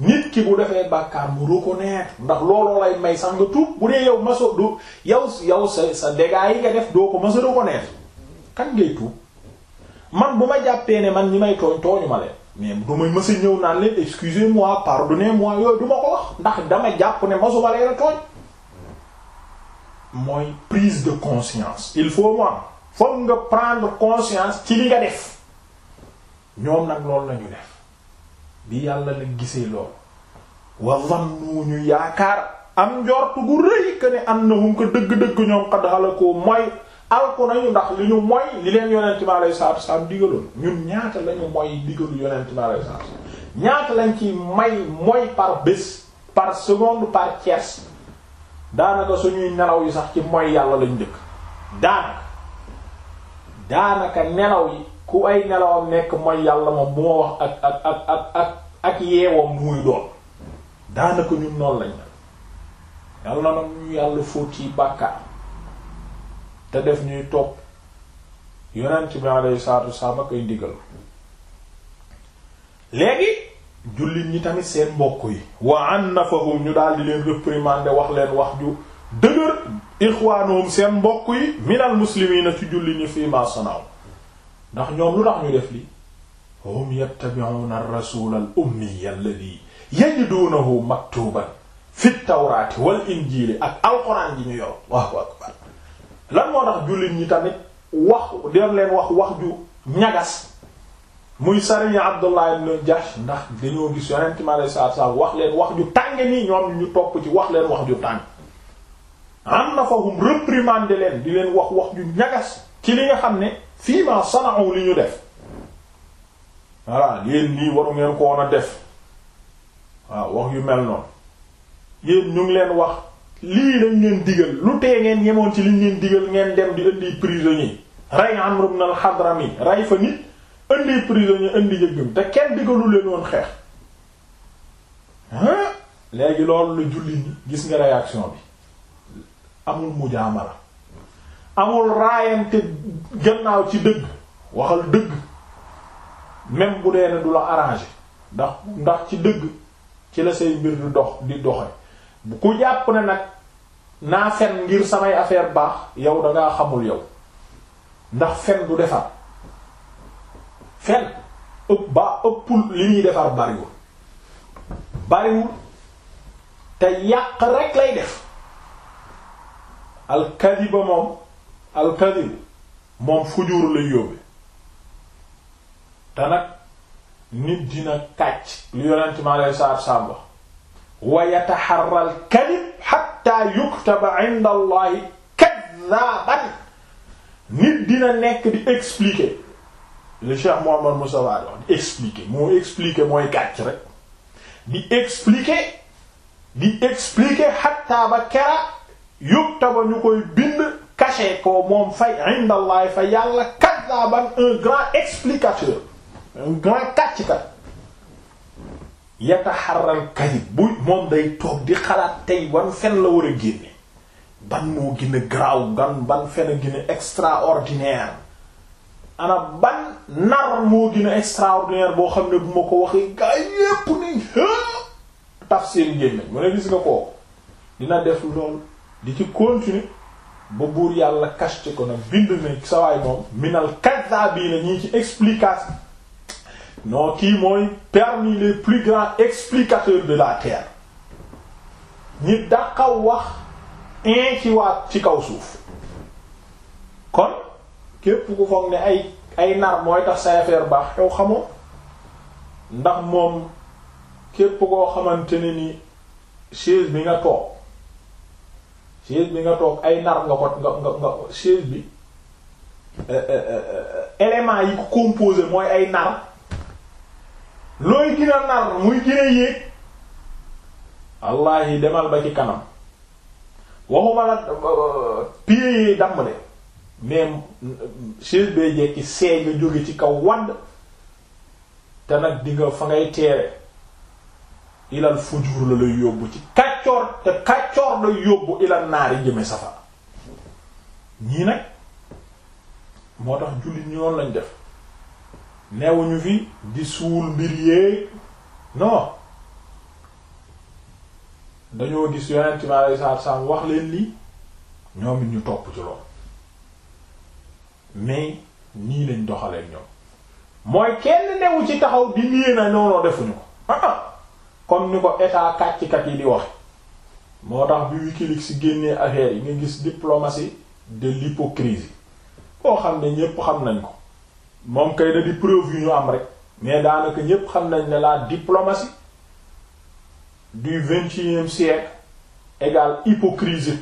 nit ki bu defee bàkkaar mu reconnaître ndax looloo lay may sax nga tuub bu dee yow maso du yow yow sa sa dégâts yi nga def doo ko mas a kan ngay tuub man bu ma jàppee ne man ñi may tooñ tooñu ma leen mais du may mas ñëw naan leen excusez-moi pardonnez-moi yooyu du ma ko wax ndax dama jàpp ne masuma leen a tooñ mooy prise de conscience il faut mu am foog nga prendre conscience ci li nga def ñoom nag loolu lañu def bi yàlla la gisee lool wa zannu ñu yaakaar am njort gu rëy que ne annahum ko dëgg-dëgg ñoom qad halakoo mooy alku nañu ndax li ñu mooy li leen yonent bi alayhi salaatu wasalaam digaloon ñun ñaata lañu mooy digalu yonent bi alayhi salaatu wasalaam ñaata lañ ci may mooy par bés par seconde par tierce daanaka suñuy nelaw yi sax ci mooy yàlla lañ dëkk daanaka daanaka nelaw yi ku ay nelawam nekk ma yàlla ma bu ma wax ak ak ak ak ak ak yeewam lu muy doon daanaka ñun noonu lañ nag yàlla nag ñu yàlla fóot yi bàkkaar te def ñuy topp yonent bi alayhi salaatu wasallam ak ay ndigal léegi jullit ñi tamit seen mbokk yi wa annafahum ñu daal di leen réprimander wax leen wax ju dëgër ixwaanoom seen mbokk yi minal muslimiina ci jullit ñi fii ma sanaaw ndax ñoom lu tax ñu def li hum yattabi'una ar-rasul al-ummi alladhi yajidunahu maktuban fi tawraati wal injiili ak alxuraan ji ñu yor waaw akbar lan moo tax jullit ñi tamit wax dem leen wax wax ju ñagas muy sariya Abdullah ibn Jahsh ndax dañoo gis yonent mi wax leen wax ju tàng nii ñoom ñu topp ci wax leen wax ju tàng am na fa hum réprimander leen di leen wax wax ju ñagas ci li nga xam ne fii ma sana'u li ñu def voilà yéen lii waru ngeen ko woon a def waaw wax yu mel noonu yéen ñu ngi leen wax lii lañ leen digal lu tee ngeen yemoon ci li leen digal ngeen dem di indi prisonnier rey Amr ibn al-Hadrami rey fa nit indi prisonnier indi yëggam te kenn digalu leen woon xeex léegi loolu la julli ñi gis nga réaction bi amul mujaamala amul raayante gannaaw ci dëgg waxal dëgg même bu dee ne du la arrangé ndax ndax ci dëgg ci la say mbir di dox di doxe ku jàpp na nag naa fen ngir samay affaire baax yow dangaa xamul yow ndax fen du defar fen ëpp ba ëpp li ñuy defar bariwul bariwul te yàq rek lay def alkadiba moom alkadib moom fujuur lay yóbbe te nag nit dina kàcc lu yonent ma lay saar sàmba wa yataxarra alkadib xatta yuktaba inda allahi kadaaban nit dina nekk di expliquer le cheikh Mouhammad Moussa wax di expliquer moo expliquer mooy kàcc rek di expliquer di expliquer xatta ba kera yukta ñu koy bind caché ko moom fay inda allah fa yàlla kadaban un grand explicateur un grand kàcckat yataxarral kadib buy moom day toog di xalaat tey ban fen la war a génne ban moo gën a ban fen a gën extraordinaire ana ban nar moo gën extraordinaire boo xam ne bu ma ko waxee gaa yépp ni taf seen génne mu ne gis nga koo dina def lool di ci continuer ba buur yàlla kàcce ko nag bind na sawaay moom minal kazzaabiina ñii ci explication non kii mooy parmi le plus grands explicateurs de la terre ñi daqaw wax in ci waa ci kaw suuf kon képp ku foog ne ay ay nar mooy tax sa affaire baax yow xamoo ndax moom képp koo xamante ni chaise bi nga toog chaise bi nga toog ay nar nga ko nga nga chaise bi euh, euh, euh, éléments yi ko composé mooy ay nar looy gën nar muy gën yéeg wallaahi demal ba ci kanam waxuma la pieds yi damm de mais chaise bee jekki seey nga jóge ci kaw wadd te nag di fa ngay teere ilal fujur la lay yóbbu ci kañ kàccoor te kàccoor day yóbbu ilal naari jëme safara ñii nag moo tax jullit ñi noonu lañ def newuñu fi di suul mbir yéeg non dañoo gis yonent mi alayhi salaatu salaam wax leen lii ñoom it ñu topp ci loolu mais nii lañ doxalee ñoom mooy kenn newu ci taxaw di nié na noonoo defuñu ko ah, ah. comme ni ko état kàccikat yi di wax moo tax bi Wikileaks si génnee affaire yi nga gis diplomatie de l'hypocrisie koo xam ne ñépp xam nañ ko moom kay da di yu ñu am rek mais daanaka ñépp xam nañ ne la diplomasi du vingt si unième siècle égale hypocrisie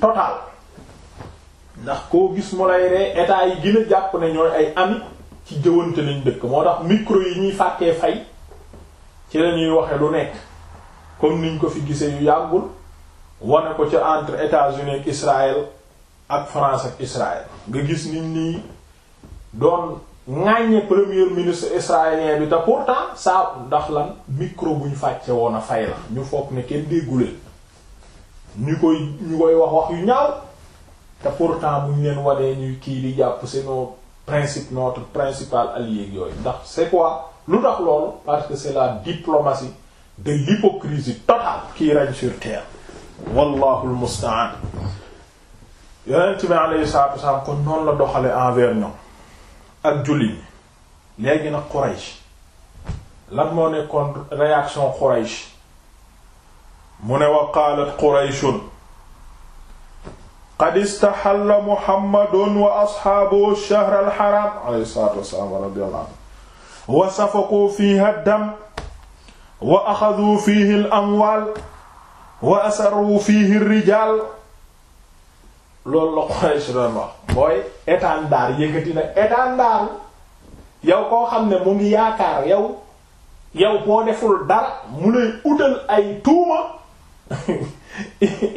ndax koo gis mu lay ree état yi gën a jàpp ne ñooy ay ami ci jëwante lañ dëkk moo tax micro yi ñuy fàttee fay ci lañuy waxe lu nekk comme niñ ko fi gisee yu yàggul wane ko ca entre États-Unis ak Israël ak France ak Israël nga gis nit ñi doon ŋàññe premier ministre israélien bi te pourtant saa ndax lan micro bu ñu fàcce woon a fay la ñu foog ne kenn dégguleen ñu koy ñu koy wax wax yu ñaaw te pourtant bu ñu leen wanee ñuy kii di jàpp c'est principe principes notre principal allié yooyu ndax c'est quoi lu tax loolu parce que c'est la diplomatie de l'hypocrisie totale qui règne terre wallahu almustaan yonent bi alayhi salaatu wasalaam kon noonu la doxale envers ñoom ak julli léegi nag Quraysh lan moo nekkoon réaction Quraysh mu ne wa qaalat Qurayshun qad istaxalla Muhammadun wa asxaabuhu ash-shahr al-haraam alayhi salaatu wasalaam wa radiyallahu anhu wa safakuu fiihi ad-dam wa axaduu fiihi al-amwaal wa asarru fiihi rijaal loolu la Quraysh doon wax mooy étendard yëkkati na étendard yow koo xam ne mu ngi yaakaar yow yaw boo deful dara mu lay ay tuuma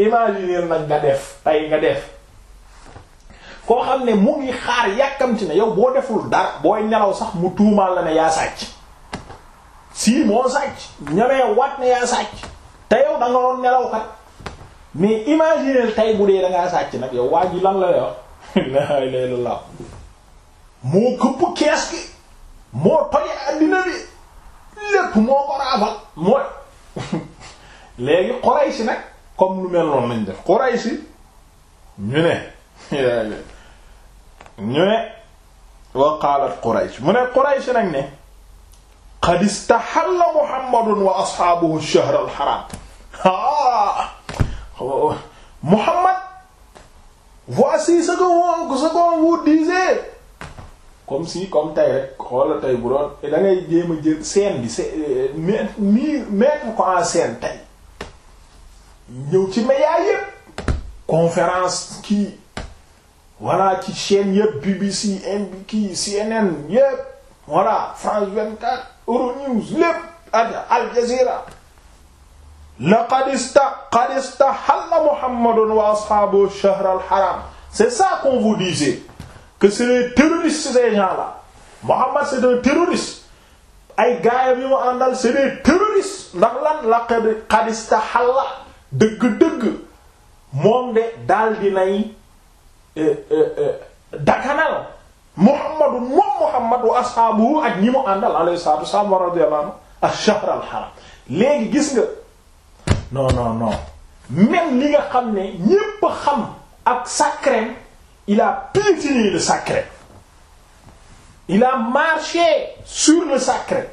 imaginer def ay nga def koo xam ne mu ngi xaar yàkkamti na yow boo deful dara booy nelaw sax mu tuumaal la ne yaa sàcc si moo sàcc ñamee wat ne yaa sàcc te yow da nga doon nelaw kat mais imaginer tay bu dee da ngaa sàcc nag yow waa ji lan la lay wax laa ilaaha illallaah moo këpp kees gi moo toje àddina bi lépp moo ko raafal mooy léegi Quraysh nag comme lu mel noonu lañ def Quraysh ñu ne ñu ne wa qaalat Quraysh mu ne Quraysh nag ne qad istahalla Muhammadun wa ashaabuhu ash-shahr al-haraam Ah! Oh, Muhammad voici ce que ce comme si comme tey rek xoolal tey bu doon da ngay jéem a jël seen bi c'est euh, mi mettre ko en scène tey ñëw ci média yépp conférence kii voilà ci chaîne yépp BBC NBC kii CNN yépp voilà France 24 Euronews lépp Al Jazeera laqad ista qad istahalla Muhammadun wa ashabu ash-shahr al-haram c'est ça qu'on vous disait que c'est les terroristes ces gens-là Muhammad c'est un terroriste ay gaayam bi mu àndal c'est des terroristes ndax lan laqad qad istahalla dëgg-dëgg moom de daal dinay eh, eh, eh, dakanal Muhammadu moom Muhammad wa ashaabuhu ak ñi mu àndal alayhi salaatu wa salaam wa radiyallahu anhu ash-shahr al-haram gis nga non non non même li nga xam ne ñépp xam ak sacré il a piétiné le sacré il marché sur le sacré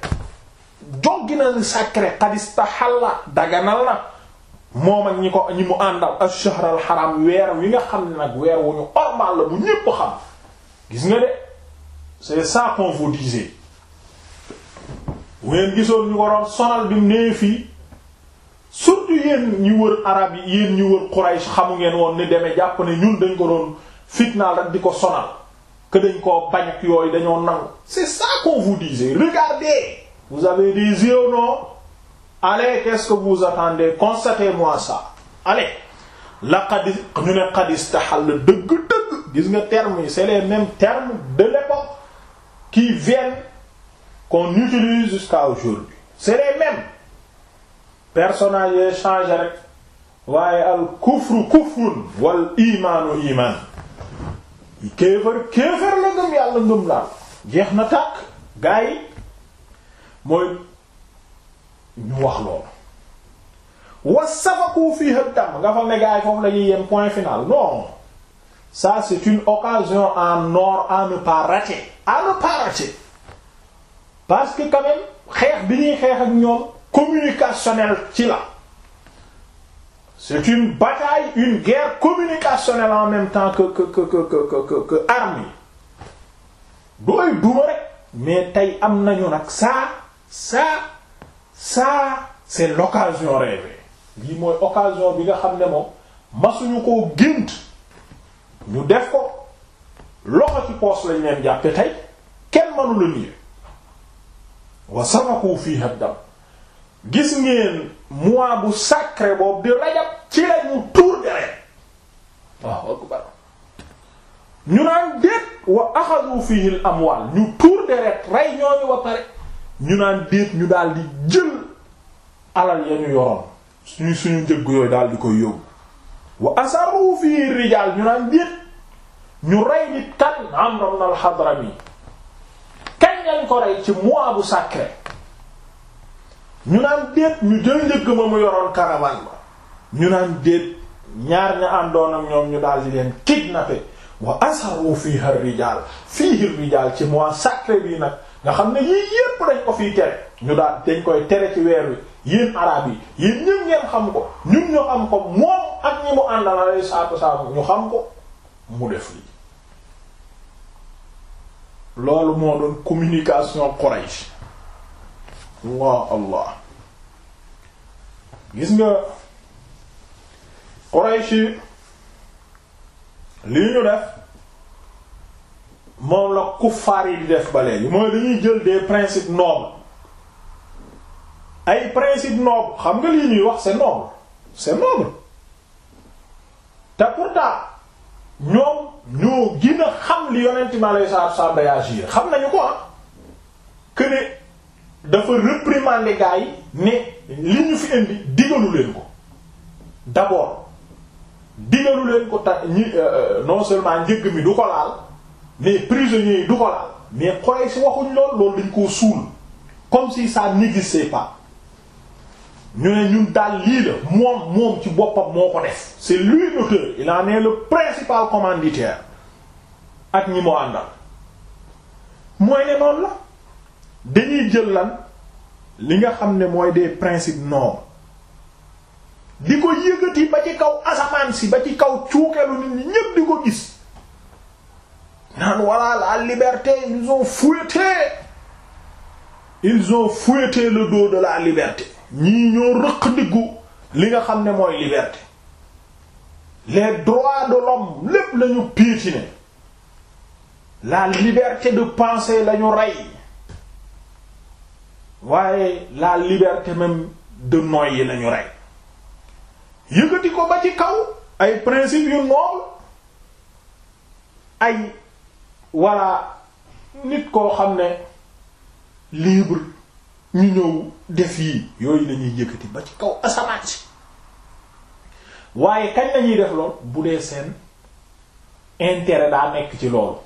joggi na le sacré xadistahalla daganal na moom ak ñi ko ñi mu àndal ash-shahr haram weer wi nga xam ne nag weer wu ñu ormal la bu ñépp xam gis nga de c'est ça qu'on vous disait bu ngeen gisoon ñu ko doon sonal bi mu nee fii surtout yéen ñi wër arab yi yéen ñi wër Quraysh xamu ngeen woon ni demee jàpp ne ñun dañ ko doon fitnaal ak di ko sonal que dañ koo bañ ak yooyu dañoo nangu c'est ça qu'on vous disait regardez vous avez des yeux non allez qu'est-ce que vous attendez constatez-moi ça allez laqad ñu ne qad istahal dëgg-dëgg gis nga termes yi c'est les mêmes termes de l'époque qui viennent qu'on utilise jusqu'à aujourd'hui c'est les personnage yee changé rek waaye al kufru kufrun wal imaanu imaan kéefër kéefër la ngëm yàlla ngëm laal jeex na tàkk gaa yi mooy ñu wax loolu wasafaku fii hëg dam nga fa ne gaa foofu la yem point final non ça c'est une occasion en or à ne pas rater parce que quand même xeex bi ñuy xeex ak ñoom communicationnel ci la c'est une bataille une guerre communicationnelle en même temps que que que que que que que arme dooy duma rek mais tey am nañu nag ça ça ça c'est l'occasion rêvée lii mooy occasion bi nga xam ne moom masuñu koo gént ñu def ko loxo ci poos lañ leen jàppe tey kenn mënu la niee wa samaku fiiha dam gis ngeen mois bu sacré boobu di rajab ci lañu tuur deret waaw ñu naan déet wa axadu fihi al amwal ñu tuur deret rey ñooñu ba pare ñu naan déet ñu daal di jël alal ya yoroon suñu suñu njëgg yooyu daal di koy yóbbu wa asaru fihi rijal ñu naan déet ñu rey nit kan Amr ibn al-Hadrami kañ lañ ko rey ci mois bu sacré ñu naan déet ñu jël njëgg ma mu yoroon caravane ba ñu naan déet ñaar ña àndoon ak ñoom ñu daal di leen kidnappé wa asaru fiiha rijaal fiihi rijaal ci mois sacré bii nag nga xam ne yii yépp dañ ko fii tere ñu daal dañ koy tere ci weer wi yéen araab yi yéen ñëpp ngeen xam ko ñun ñu xam ko moom ak ñi mu àndal alayhi salaatu wassalaam ñu xam ko mu def lii loolu moo doon communication Quraish allah allah gis nga Quraysh lii ñu def moom la kuffaar yi di def ba léegi mooy dañuy jël des principes nobles ay principes nobles xam nga lii ñuy wax c'est noble c'est noble te pourtant ñoom ñoo gën xam li yonent mi alayhi salaatu salaam day agir xam nañu ko ah que dafa réprimander gaa yi ne li ñu fi indi digalu leen ko d'abord digalu leen ko ta ñi euh, euh, non seulement njëgg mi du ko laal mais prisonniers yi du ko laal mais Quraysh si waxuñ lool loolu dañ koo suul comme si ça n'existait pas ñu ne ñun daal lii la moom moom ci boppam moo ko def c'est lui l'auteur il en est le principal commanditaire ak ñi moo àndal mooy ne noonu la dañuy jël lan li nga xam ne mooy des principes normes di ko yëgati ba ci kaw asamaan si ba ci kaw cuukelu nit ñi ñépp di ko gis naan voilà la liberté ils ont fouetté ils ont fouetté le dos de la liberté ñii ñoo rëq ndiggu li nga xam ne mooy liberté les droits de l'homme lépp lañu piétiné la liberté de penser lañu rey waaye laal liberté même de noyyi la ñu rey yëkkati ko ba ci kaw ay principe yu noble ay walla nit koo xam ne libre ñu ñëw def yi yooyu la ñuy yëkkati ba ci kaw asamaan si waaye kañ lañuy def lool bu dee seen intérêt daa nekk ci loolu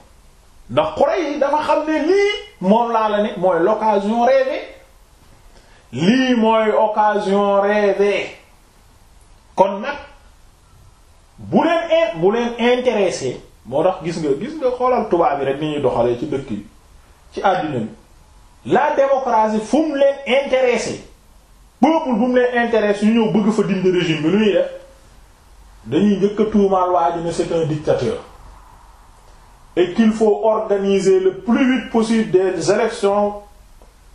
ndax xore yi dafa xam ne lii moom laa la ne mooy l'occasion rêvée lii mooy occasion rêvée kon nag bu leen bu leen intéressé moo tax gis nga gis nga xoolal tubaab yi rek ni ñuy doxalee ci dëkk yi ci àddina bi la démocratie fu leen intéressé peuple bu mu leen intéressé ñu ñëw bëgg fa dindi régime bi lu ñuy dañuy njëkk a tuumaal waa ji ne c'est un dictateur et qu'il faut organiser le plus vite possible des élections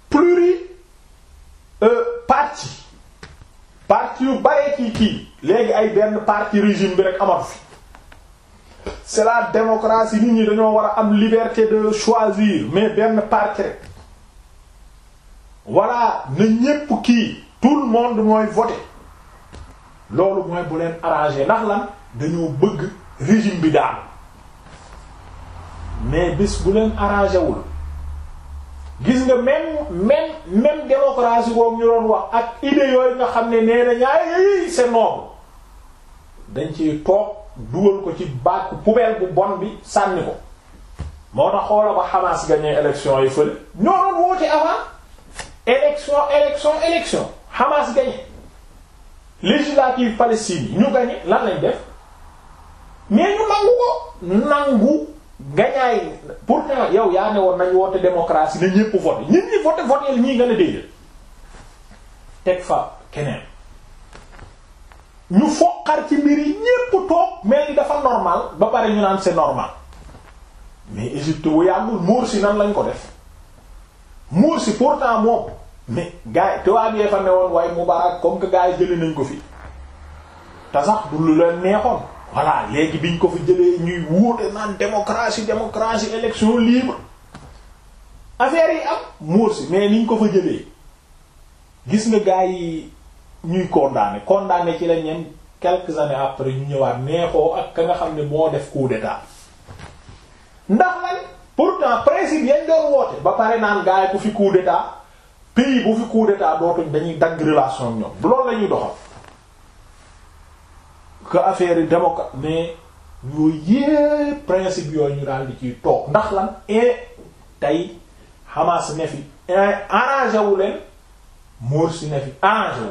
pluri Euh, parti parti yu bare kii kii léegi ay benn parti régime bi rek amatu fi c'est la démocratie nit ñi dañoo war a am liberté de choisir mais benn parti rek voilà na ñépp kii tout le monde mooy voter loolu mooy bu leen arranger ndax lan dañoo bëgg régime bi daal mais bis bu leen arrangé wul gis nga même même même démocratie boobu ñu doon wax ak idées yooyu nga xam ne nee na ñaari c'est noble dañ ci toog dugal ko ci bac poubelle bu bon bi sànni ko moo tax xoola ba Hamas gagné élection yi fële ñoo doon woote avant élection élection élection Hamas gagné législative Palestine ñu gagné lan lañ def mais ñu nangu ko nangu gañaay pourtant yow yaa ne woon nañ woote démocratie ne ñépp vote ñun ñi vote voteel ñii nga ne déedéet teg fa keneen ñu foqar ci mbir yi ñépp toog mel ni dafa normal ba pare ñu naan c'est normal mais Égypte bu yàggul Morsi nan lañ ko def Morsi pourtant moom mais gars yi tubaab yee fa ne woon waaye Moubarak comme que gars yi jëli nañ ko fi te sax du lu leen neexoon. voilà léegi biñ ko fa jëlee ñuy wóote naan démocratie démocratie élection libre affaire yi am muur si mais niñ ko fa jëlee gis nga gars yi ñuy condamné condamné ci la ñeen quelques années après ñu ñëwaat neexoo ak ka nga xam ne moo def coup d'état ndax lan pourtant principe yañ doon woote ba pare naan gars yi ku fi coup d'état pays bu fi coup d'état dootuñ dañuy dagg relation ñoom loolu la ñuy que affaire yi démocrate mais yooyu yépp principe yooyu ñu daal ciy toog ndax lan e tey Hamas ne fi eh, arrangé wu leen Morsi ne fi arrangé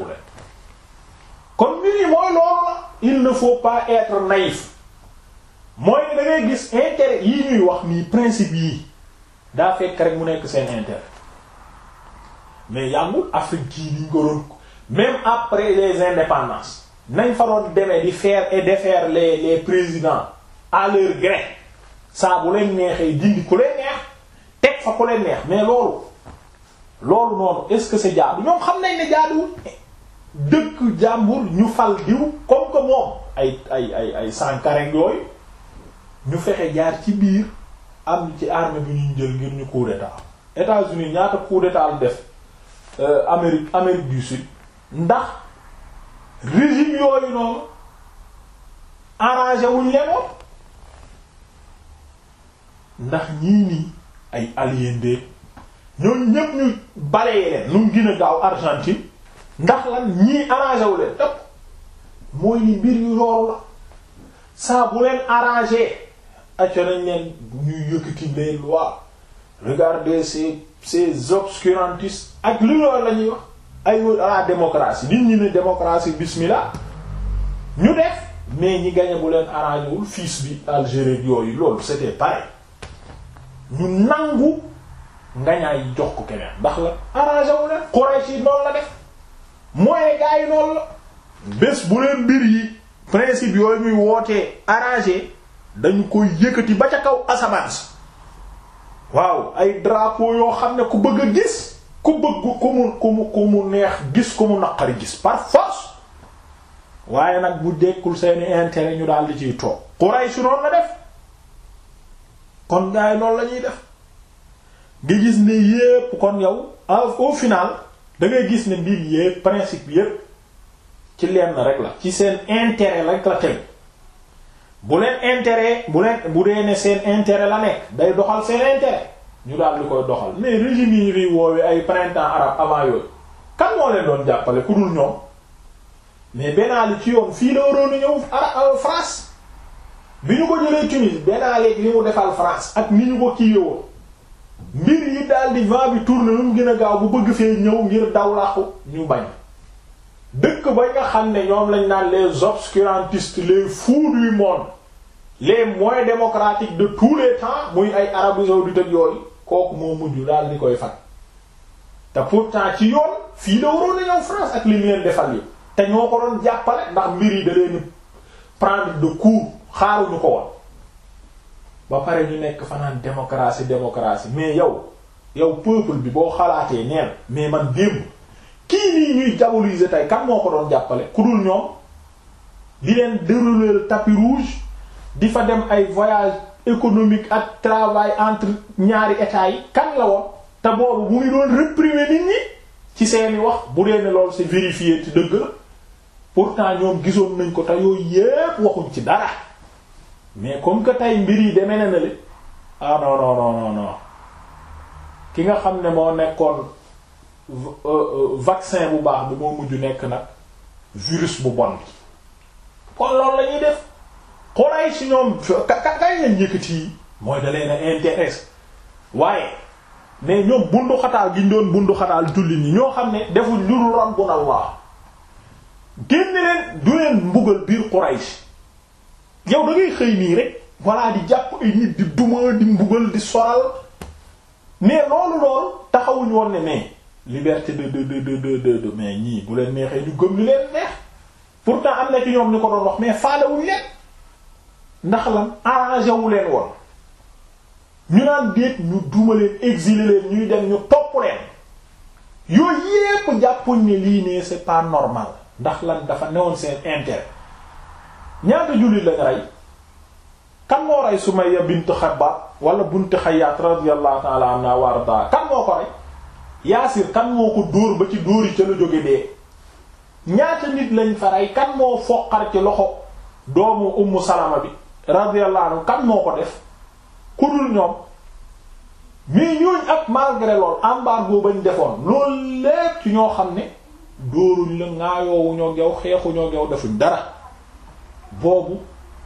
kon mbir mooy loolu il ne faut pas être naïf mooy da ngay gis intérêt yi ñuy wax nii principe yi daa fekk rek mu nekk seen intérêt mais yàggul Afrique kii niñ ko doon même après les indépendances nañ fa doon demee di faire e défaire les les présidents à leur gré saa neexee dindi ku leen neex teg fa ku leen neex mais loolu loolu noonu est-ce que c'est jaadu ñoom xam nañ ne jaaduwul dëkk jàmbur ñu fal diw comme que moom ay ay ay ay sànkareg yooyu ñu fexe jaar ci biir am ci armée bi ñuy jël ngir ñu coup d'état États-Unis ñaata de d'état def euh, Amérique du Sud ndax régime yooyu noonu arrangé wuñ leen woon ndax ñii nii ay aliéndé ñoom ñépp ñu balee leen nu gën a gaaw Argentine ndax lan ñii arrangé wu leen dëpp mooy ni loolu la saa bu leen arrangé acco nañ leen ñuy yëkkati les lois regardez ces ces obscurantistes ak li loolu la wax ay la démocratie nit ñi ne démocratie bismillah ñu def mais ñi gañe bu leen arrangé wul bi Algérie yooyu loolu c'était pareil ñu nangu ngañaay jox ko keneen ndax la arrangé wu leen yi noonu la def mooy gars yi noonu la bés bu leen mbir yi principe yooyu ñuy wootee arrangé dañu koy yëkkati ba ca kaw asamaan si waaw ay drapeau yoo xam ne ku bëgg a gis ku bëgg ku mu ku mu ku mu neex gis ku mu naqari gis par waaye nag bu dekkul seeni intérêt ñu daal di ciy toog Quraysh noonu la def kon gars yi loolu la ñuy def nga gis ne yépp kon yow ah, au final da ngay gis ne mbir yépp principe yépp ci lenn rek la ci seen intérêt rek la tegu bu leen intérêt bu leen bu dee ne seen intérêt la nekk day doxal seen intérêt ñu daal di koy doxal mais régime yi ñuy woowee ay printemps arabe avant yooyu kan moo leen doon jàppale ku dul ñoom mais Ben Ali ci yoon fii la waroon a ñëw ara euh, France bi ñu ko jëlee Tunis Ben Ali li mu defal France ak ni ñu ko kiiwoo mbir yi daal di vent bi tourné lu gën a gaaw bu bëgg fee ñëw ngir daw làqu ñu bañ dëkk ba nga xam ne ñoom lañ naan les obscurantistes les fous du monde les moins democratique de tous les temps muy ay Arabie saoudite ak yooyu. kooku moo mujj daal di koy fat te pourtant ci yoon fii la waroon a ñëw France ak li mu leen defal yi te ñoo ko doon jàppale ndax mbir yi da leen prendre de court xaaruñu ko woon ba pare ñu nekk fanaan démocratie démocratie mais yow yow peuple bi boo xalaatee neen mais man démb kii nii ñuy diaboliser tey kan moo ko doon jàppale ku dul ñoom di leen dérouler tapis rouge di fa dem ay voyage économique ak travail entre ñaari état yi kan la woon te boobu mu ngi doon réprimer nit ñi ci seeni wax bu dee ne loolu si vérifié ci dëgg la pourtant ñoom gisoon nañ ko te yooyu yépp waxuñ ci dara mais comme que tey mbir yi demee na le ah nga xam ne moo nekkoon euh, euh, vaccin bu baax bi nekk nag virus Quraysh ñoom kakaay lañ yëkkati mooy da leen a waaye mais ñoom bundu xataal gi ñu doon bundu xataal jullit ñi ñoo xam ne defuñ lu rabbuna Allah génn leen du leen mbugal biir Quraysh yow da xëy nii rek walla di jàpp ay nit di duma di mbugal di soral mais loolu loolu taxawuñ woon ne mais liberté de de de de de mais ñii bu leen neexee ñu gëm li leen neex pourtant am na ci ñoom ñu ko doon wax mais faalewuñ leen. ndax lan arrangé wu leen woon ñu naan déet ñu duma leen exiler leen ñuy dem ñu topp leen yooyu yépp jàppuñ ne lii ne c'est pas ndax lan dafa newoon seen intérêt ñaata jullit lañ rey kan moo rey Sumayya bint Xabbaab wala bint Xayyaat radiyallahu ta'ala anha wa arda kan moo ko rey Yaasir kan moo ko dóor ba ci dóori ca la jóge dee ñaata nit lañ fa rey kan moo foqar ci loxo doomu Ummu Salama bi radiyallahu anhu kan moo ko def ku dul ñoom mais ñooñ ak malgré lool embargo bañ defoon loolu lépp ñoo xam ne dóoruñ la ŋaayoowuñoo geew xeexuñoo geew defuñ dara boobu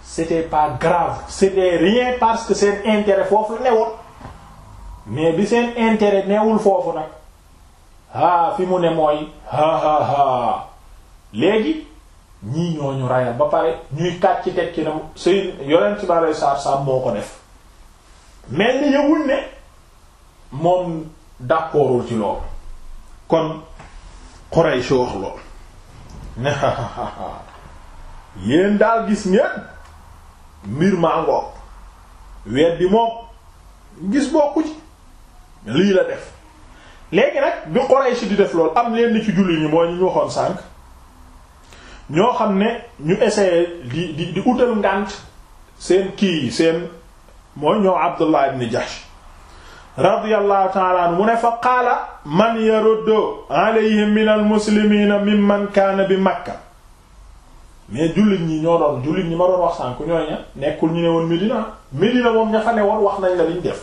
c'était pas grave c'était rien parce que seen intérêt foofu la newoon mais bi seen intérêt newul foofu nag ah fi mu ne mooy ha léegi ñii ñu rayal ba pare ñuy kàcc ci teg ci ne sëy yonent bi alei saatu salaam moo ko def mais ni yëgul ne moom d'accordul ci loolu kon Quraysh wax loolu ne daal gis ngeen mbir maa ngoog weddi moom gis bokku ci lii la def léegi nag bi Quraysh di def loolu am leen ni ci julli ñi mooy ñu waxoon sànq ñoo xam ne ñu essayé di di di utal ngànt seen kii yi seen mooy ñoo Abdullah ibn Jahsh radiyallahu ta'ala mu ne fa qaala man yaruddu alayhim min almuslimina mimman kaana bi Makka mais jullit ñi ñoo doon jullit ñi ma doon wax sànk ñooy ña nekkul ñu ne woon Medina Medina moom ña fa ne woon wax nañ la liñ def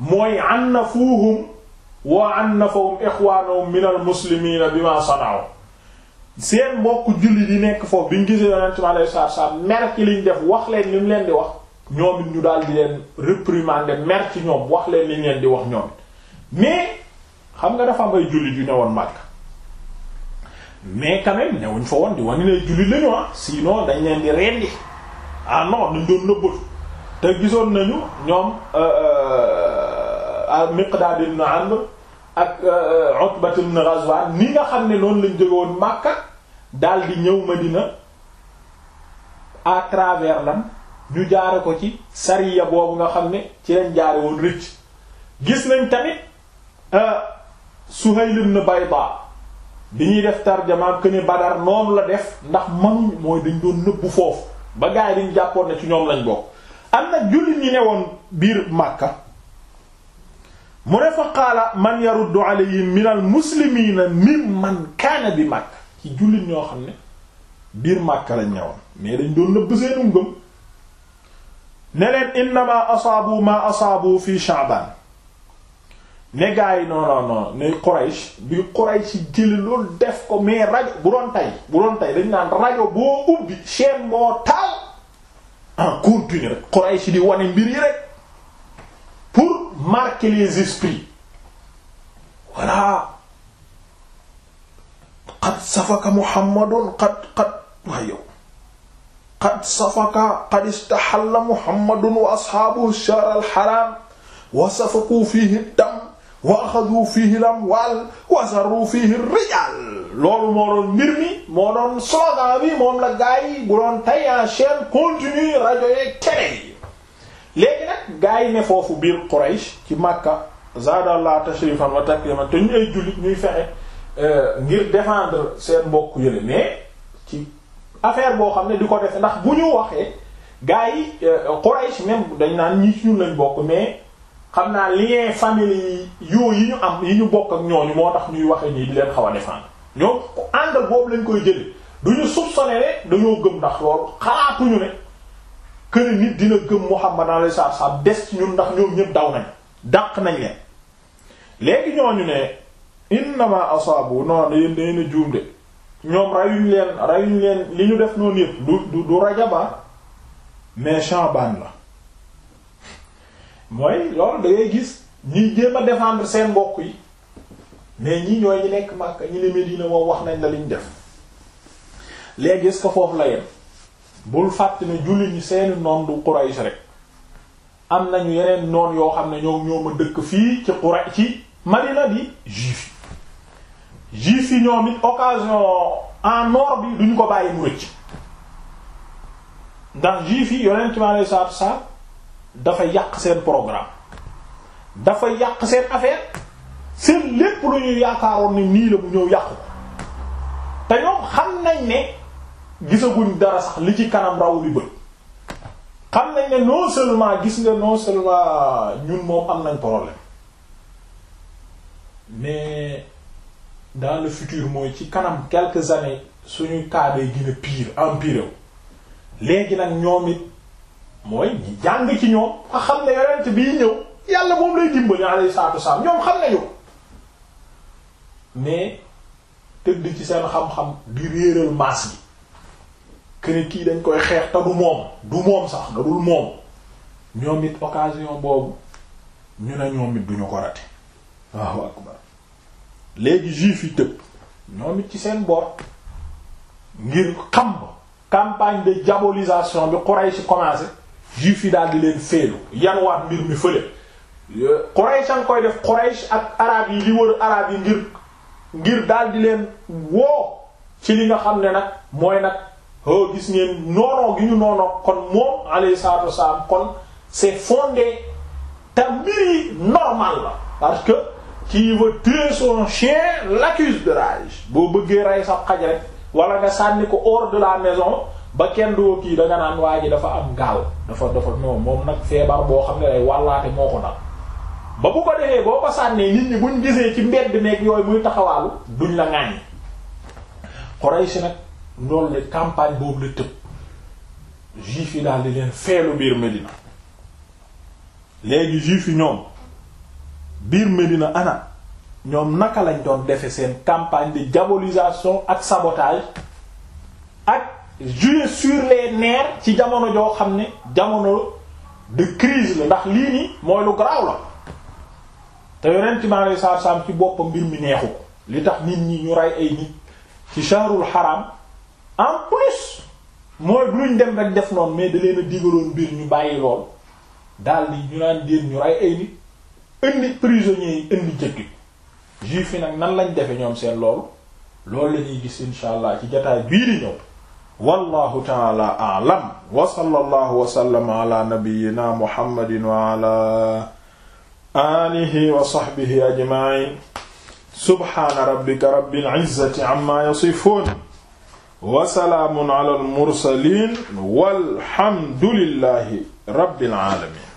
mooy annafuhum wa annafahum ixwaanahum min almuslimina bima sana'u seen bokk julli di nekk foofu bi ñu gisee yonent bi alayhi salaatu salaam mer ci liñ def wax leen li mu leen di wax ñoom ñu daal di leen réprimander mer ci ñoom wax leen liñ leen di wax ñoom mais xam nga dafa am ay jullit yu ne woon Makka mais quand même newuñ fa woon di wane ne jullit lañu ah sinon dañ leen di rendi ah non dañ doon nëbbatu te gisoon nañu ñoom euh, euh, Miqdaad ibn Amr ak euh, Utbat ibn Ghazwan ni nga xam ne noonu lañ jóge woon Makka. daldi ñëw ma dina travers lan ñu jaare ko ci sariya boobu nga xam ne ci lañ jaare woon rëcc gis nañ tamit euh, Suhayl ibn Bayda bi ñuy def tarjama que ne Badar noonu la def ndax mënuñ mooy dañ doon nëbbu foofu ba gaay dañ jàppoon ne ci ñoom lañ bokk am na jullit ñi ne woon biir Makka mu ne fa qaala man yaruddu alayhim min al muslimina mimman kaana bi Makka ci jullit ñoo xam ne biir Màkka lañ ñëwoon mais dañ doon nëbb seenu ngëm ne leen innama asaabu ma asaabu fi Sha'ban ne gaa yi non non non ne bi Quraysh jëli loolu def ko mais rajo bu doon tey bu doon tey dañ naan rajo boo ubbi chaîne moo taal en continu rek Quraysh di wane mbir yi rek pour marquer les esprits voilà qad safaka muhammadun qad qad waay yow qad safaka qad istaxalla muhammadun wa asxaabuhu shahr alxaraam wa safakuu fiihi dam wa axaduu fiihi alamwaal wa sarruu fiihi rijaal loolu moo doon mbir mi moo doon slogan bi moom la gars yi bu doon tey en chaîne continue rajo yeeg télé yi léegi nag gars yi ne foofu biir Quraysh ci Makka zaadallah tashrifan wa takriman te ñu ay jullit ñuy fexe Euh, ngir défendre seen mbokk yële mais ci affaire boo xam ne di ko def ndax bu ñu waxee gars yi euh, Quraish même dañ naan ñi ci ñun lañ bokk mais xam naa lien famille yoo yi ñu am yi ñu bokk ak ñooñu moo tax ñuy waxe nii di leen xaw a défendre ñoom ànd boobu lañ koy jële du ñu soupçonné dañoo gëm ndax loolu xalaatuñu ne que nit dina gëm Muhammad alayhi salaam des ci ñun ndax ñoom ñëpp daw nañ dàq nañ leen léegi ñooñu ne. innama asaabu noonu yéen dañu ne juum de ñoom rayuñ leen rayuñ leen li ñu def noonu yëpp du du du rajaba ah, mais Shaaban la mooy loolu da gis ñiy jéem a défendre seen mbokk yi mais ñii ñooy ñi nekk Makka ñi ne Medina moom wax nañ la liñ def léegi est-ce foofu la yem bul fàtt ne jullit ñi seeni noon du Quraysh rek am nañu yeneen noon yoo xam ne ñoo ñoo ma dëkk fii ci Quraysh ci Madina di juif juif yi ñoom it occasion en or bi duñ ko bàyyi mu rëcc ndax juif yi yonent mi alei salatu salaam dafa yàq seen programme dafa yàq seen affaire seen lépp lu ñuy yaakaaroon ni nii la mu ñëw yàqu te ñoom xam nañ ne gisaguñ dara sax li ci kanam raw li bëgg xam nañ ne non seulement gis nga non seulement ñun moom am nañ problème mais dans le futur mooy ci kanam quelques années suñuy cas day gën piir pire empiré wu léegi nag ñoom it mooy jàng ci ñoom xam ne yonent bii ñëw yàlla moom lay dimbali alayhi salaatu wasalaam ñoom xam nañu mais tëdd ci seen xam-xam di réeral maas kër kene kii dañ koy xeex te moom du moom sax da dul moom ñoom it occasion boobu ñu ne ñoom it duñu ko rate waaw akbar léegi juif yi tëb ñoom it ci seen boor ngir xam campagne de diabolisation bi Quraysh commencé juif yi daal di leen féelu yanwaat mbir mi fële euh, Quraysh an koy def Quraysh ak arab yi li wër arab yi ngir ngir daal di leen woo ci li nga xam ne nag mooy nag ho oh, gis ngeen noonoo gi ñu noonoo kon moom alayhi salatu wassalam kon c'est fondé te mbir normal la qui veut tuer son chien l'accuse de rage boo bëggee rey sa xaj rek wala nga sànni ko hors de la maison ba kenn doo kii danga naan waa ji dafa am gaal dafa dafa non moom nag feebar boo xam ne day wàllaate moo ko dal ba bu ko defee boo ko sànnee nit ñi buñ gisee ci mbedd nekk yooyu muy taxawaalu duñ la ŋàññi Quraysh nag loolu la campagne boobu la tëb juif yi daal di leen feelu biir Medina léegi juif yi ñoom biir Medina ana ñoom naka lañ doon defe seen campagne de diabolisation ak sabotage ak jouer sur les nerfs ci jamono joo xam ne jamono de crise la ndax lii nii mooy lu garaaw la te yonent mi alayhi salaatu ci boppam mbir mi neexu ko li tax nit ñi ñu ray ay nit ci shahrul haram en plus mooy duñ dem rek def noonu mais da leen mbir ñu bàyyi lool daal di ñu naan diir ñu rey ay nit indi prisonniers yi indi jëkk juif yi nag nan lañ defe ñoom seen loolu loolu la ñuy gis insha allah ci jataay bii di ñëw wallahu taala a'lam wa sallallahu wa sallama ala nabiyyina muhammadin wa ala alihi wa sahbihi ajma'in subhana rabbika rabbil izzati amma yasifun wa salaamun ala al mursalin walhamdulillahi rabbil alamin